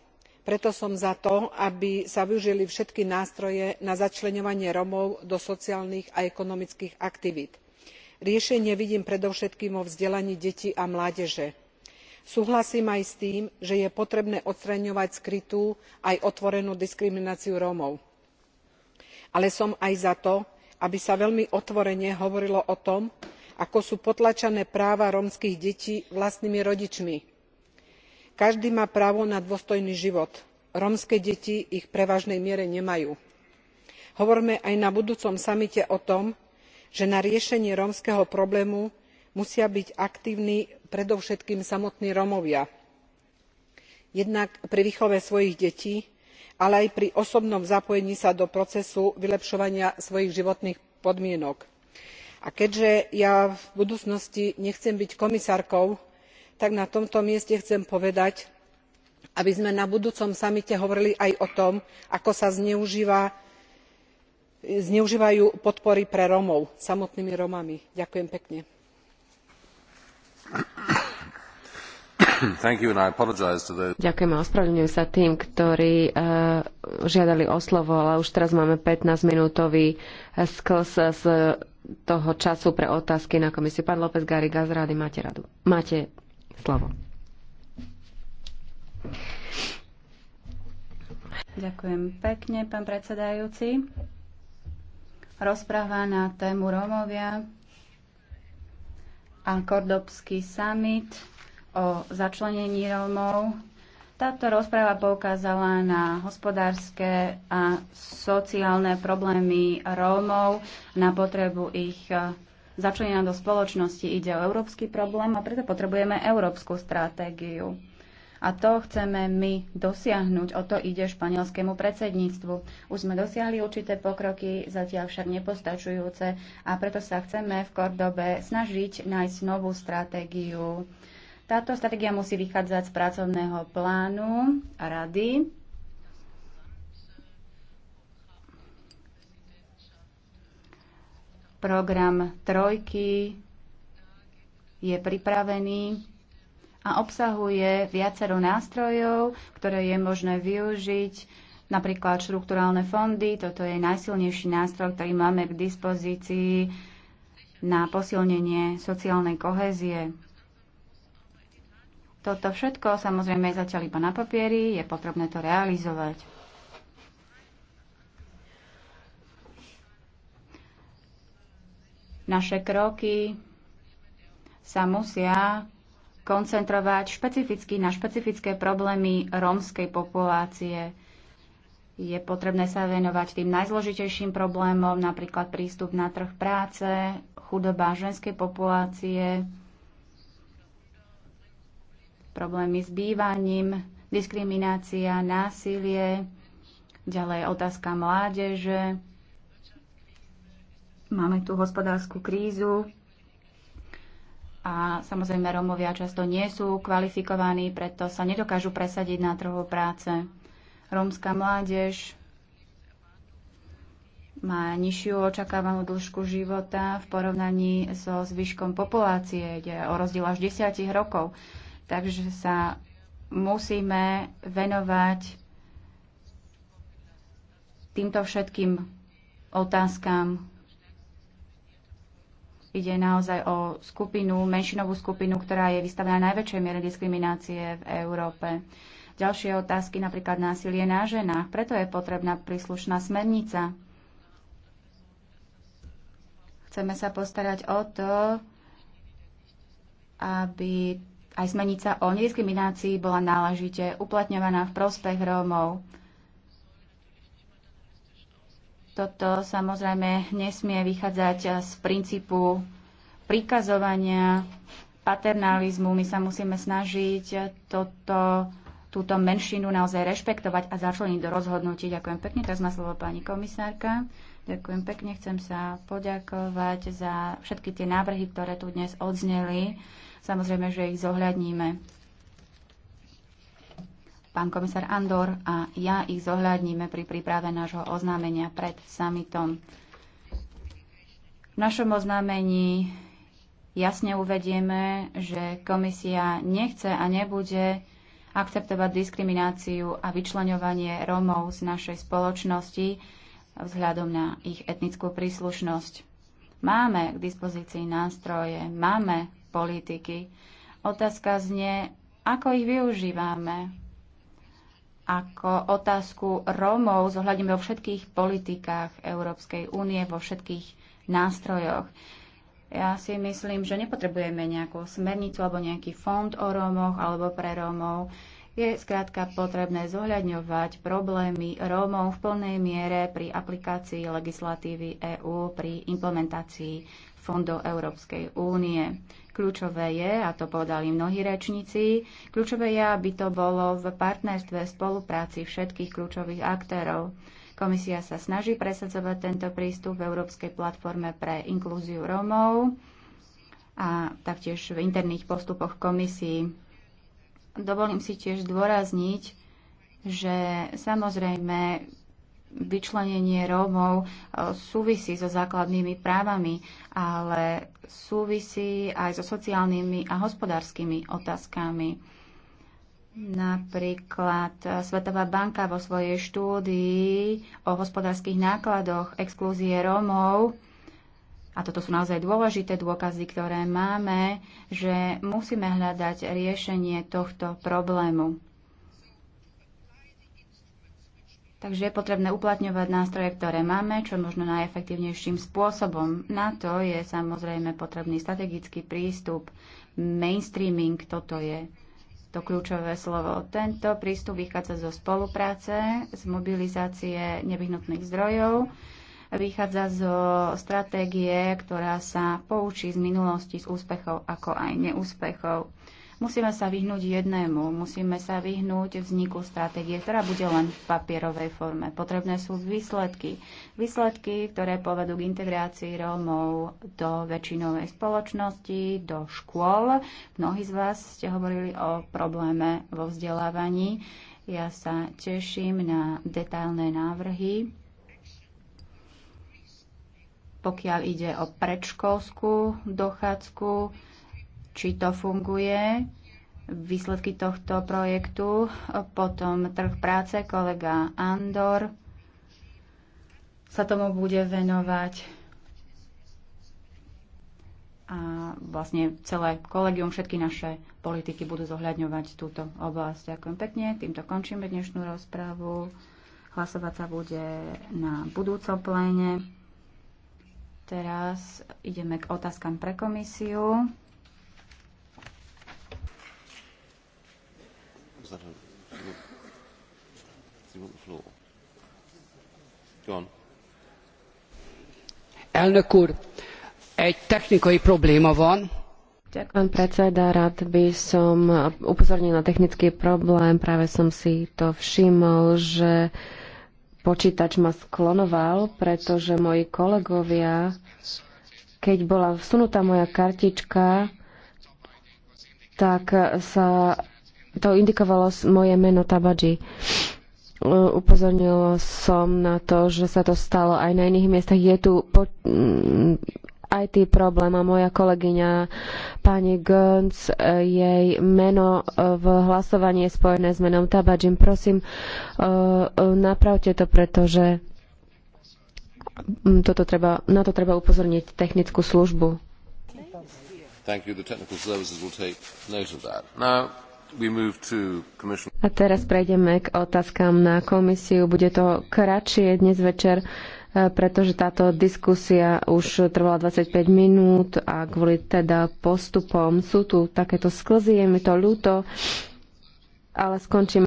preto som za to aby sa využili všetky nástroje na začleňovanie rómov do sociálnych a ekonomických aktivít. riešenie vidím predovšetkým vo vzdelaní detí a mládeže. súhlasím aj s tým že je potrebné odstraňovať skrytú aj otvorenú diskrimináciu rómov ale som aj za to aby sa veľmi otvorene hovorilo o tom ako sú potláčané práva rómskych detí vlastnými rodičmi každý má právo na dôstojný život rómske deti ich v prevažnej miere nemajú. hovorme aj na budúcom samite o tom že na riešenie rómskeho problému musia byť aktívni predovšetkým samotní rómovia jednak pri výchove svojich detí ale aj pri osobnom zapojení sa do procesu vylepšovania svojich životných podmienok. a keďže ja v budúcnosti nechcem byť komisárkou tak na tomto mieste chcem povedať aby sme na budúcom samite hovorili aj o tom ako sa zneužívajú podpory pre rómov samotnými rómami. ďakujem pekne. ďakujem a ospravedlňujem sa tým ktorí eh, žiadali o slovo ale už teraz máme fifteen minútový eh, skls z toho času pre otázky na komisiu. pán lópez garriga z rady máte, radu. máte slovo. Ďakujem pekne, pán predsedajúci. Rozpráva na tému Rómovia a Kordobský summit o začlenení Rómov. Táto rozpráva poukázala na hospodárske a sociálne problémy Rómov, na potrebu ich začlenená do spoločnosti. Ide o európsky problém a preto potrebujeme európsku stratégiu. A to chceme my dosiahnuť, o to ide španielskému predsedníctvu. Už sme dosiahli určité pokroky, zatiaľ však nepostačujúce a preto sa chceme v Kordobe snažiť nájsť novú stratégiu. Táto stratégia musí vychádzať z pracovného plánu rady Program trojky je pripravený a obsahuje viacero nástrojov, ktoré je možné využiť, napríklad štruktúrálne fondy. Toto je najsilnejší nástroj, ktorý máme k dispozícii na posilnenie sociálnej kohézie. Toto všetko samozrejme je zatiaľ iba na papieri, je potrebné to realizovať. Naše kroky sa musia koncentrovať špecificky na špecifické problémy rómskej populácie. Je potrebné sa venovať tým najzložitejším problémom, napríklad prístup na trh práce, chudoba ženskej populácie, problémy s bývaním, diskriminácia, násilie, ďalej otázka mládeže, Máme tu hospodárskú krízu a samozrejme Romovia často nie sú kvalifikovaní, preto sa nedokážu presadiť na trhu práce. Rómska mládež má nižšiu očakávanú dĺžku života v porovnaní so zvyškom populácie, ide o rozdiel až 10 rokov. Takže sa musíme venovať týmto všetkým otázkam Ide naozaj o skupinu, menšinovú skupinu, ktorá je vystavená najväčšej miere diskriminácie v Európe. Ďalšie otázky, napríklad násilie na ženách. Preto je potrebná príslušná smernica. Chceme sa postarať o to, aby aj smernica o nediskriminácii bola náležite uplatňovaná v prospech Rómov. Toto samozrejme nesmie vychádzať z princípu prikazovania, paternalizmu. My sa musíme snažiť toto, túto menšinu naozaj rešpektovať a začleniť do rozhodnutí. Ďakujem pekne. Teraz má slovo pani komisárka. Ďakujem pekne. Chcem sa poďakovať za všetky tie návrhy, ktoré tu dnes odzneli. Samozrejme, že ich zohľadníme. Pán komisár Andor a ja ich zohľadníme pri príprave nášho oznámenia pred summitom. V našom oznámení jasne uvedieme, že komisia nechce a nebude akceptovať diskrimináciu a vyčlenovanie Rómov z našej spoločnosti vzhľadom na ich etnickú príslušnosť. Máme k dispozícii nástroje, máme politiky. Otázka znie, ako ich využívame, ako otázku Rómov zohľadíme vo všetkých politikách Európskej únie, vo všetkých nástrojoch. Ja si myslím, že nepotrebujeme nejakú smernicu alebo nejaký fond o Rómoch alebo pre Rómov. Je skrátka potrebné zohľadňovať problémy Rómov v plnej miere pri aplikácii legislatívy EÚ, pri implementácii fondov Európskej únie. Kľúčové je, a to povedali mnohí rečníci, kľúčové je, aby to bolo v partnerstve, spolupráci všetkých kľúčových aktérov. Komisia sa snaží presadzovať tento prístup v Európskej platforme pre inklúziu Rómov a taktiež v interných postupoch komisii. Dovolím si tiež zdôrazniť, že samozrejme vyčlenenie Rómov e, súvisí so základnými právami, ale súvisí aj so sociálnymi a hospodárskymi otázkami. Napríklad e, Svetová banka vo svojej štúdii o hospodárskych nákladoch exklúzie Rómov a toto sú naozaj dôležité dôkazy, ktoré máme, že musíme hľadať riešenie tohto problému. Takže je potrebné uplatňovať nástroje, ktoré máme, čo možno najefektívnejším spôsobom. Na to je samozrejme potrebný strategický prístup, mainstreaming, toto je to kľúčové slovo. Tento prístup vychádza zo spolupráce, z mobilizácie nevyhnutných zdrojov, vychádza zo stratégie, ktorá sa poučí z minulosti, z úspechov ako aj neúspechov. Musíme sa vyhnúť jednému, musíme sa vyhnúť vzniku stratégie, ktorá bude len v papierovej forme. Potrebné sú výsledky. Výsledky, ktoré povedú k integrácii Rómov do väčšinovej spoločnosti, do škôl. Mnohí z vás ste hovorili o probléme vo vzdelávaní. Ja sa teším na detailné návrhy pokiaľ ide o predškolskú dochádzku, či to funguje, výsledky tohto projektu, potom trh práce, kolega Andor sa tomu bude venovať a vlastne celé kolegium, všetky naše politiky budú zohľadňovať túto oblasť. Ďakujem pekne, týmto končíme dnešnú rozprávu. Hlasovať sa bude na budúcom pléne. Teraz ideme k otázkam pre komisiu. that Elnök úr, egy technikai probléma van. Ďakujem predseda, rád by som upozornil na technický problém. Práve som si to všimol, že počítač ma sklonoval, pretože moji kolegovia, keď bola vsunutá moja kartička, tak sa to indikovalo moje meno Tabadži. E, upozornil som na to, že sa to stalo aj na iných miestach. Je tu po, mm, aj problém a moja kolegyňa pani Gönc, e, jej meno e, v hlasovaní je spojené s menom Tabadžim. Prosím, napravte to, pretože mm, toto treba, na to treba upozorniť technickú službu. Thank you. The technical services will take note of that. Now, a teraz prejdeme k otázkam na komisiu. Bude to kratšie dnes večer, e, pretože táto diskusia už trvala 25 minút a kvôli teda postupom sú tu takéto sklzy, je mi to ľúto, ale skončíme.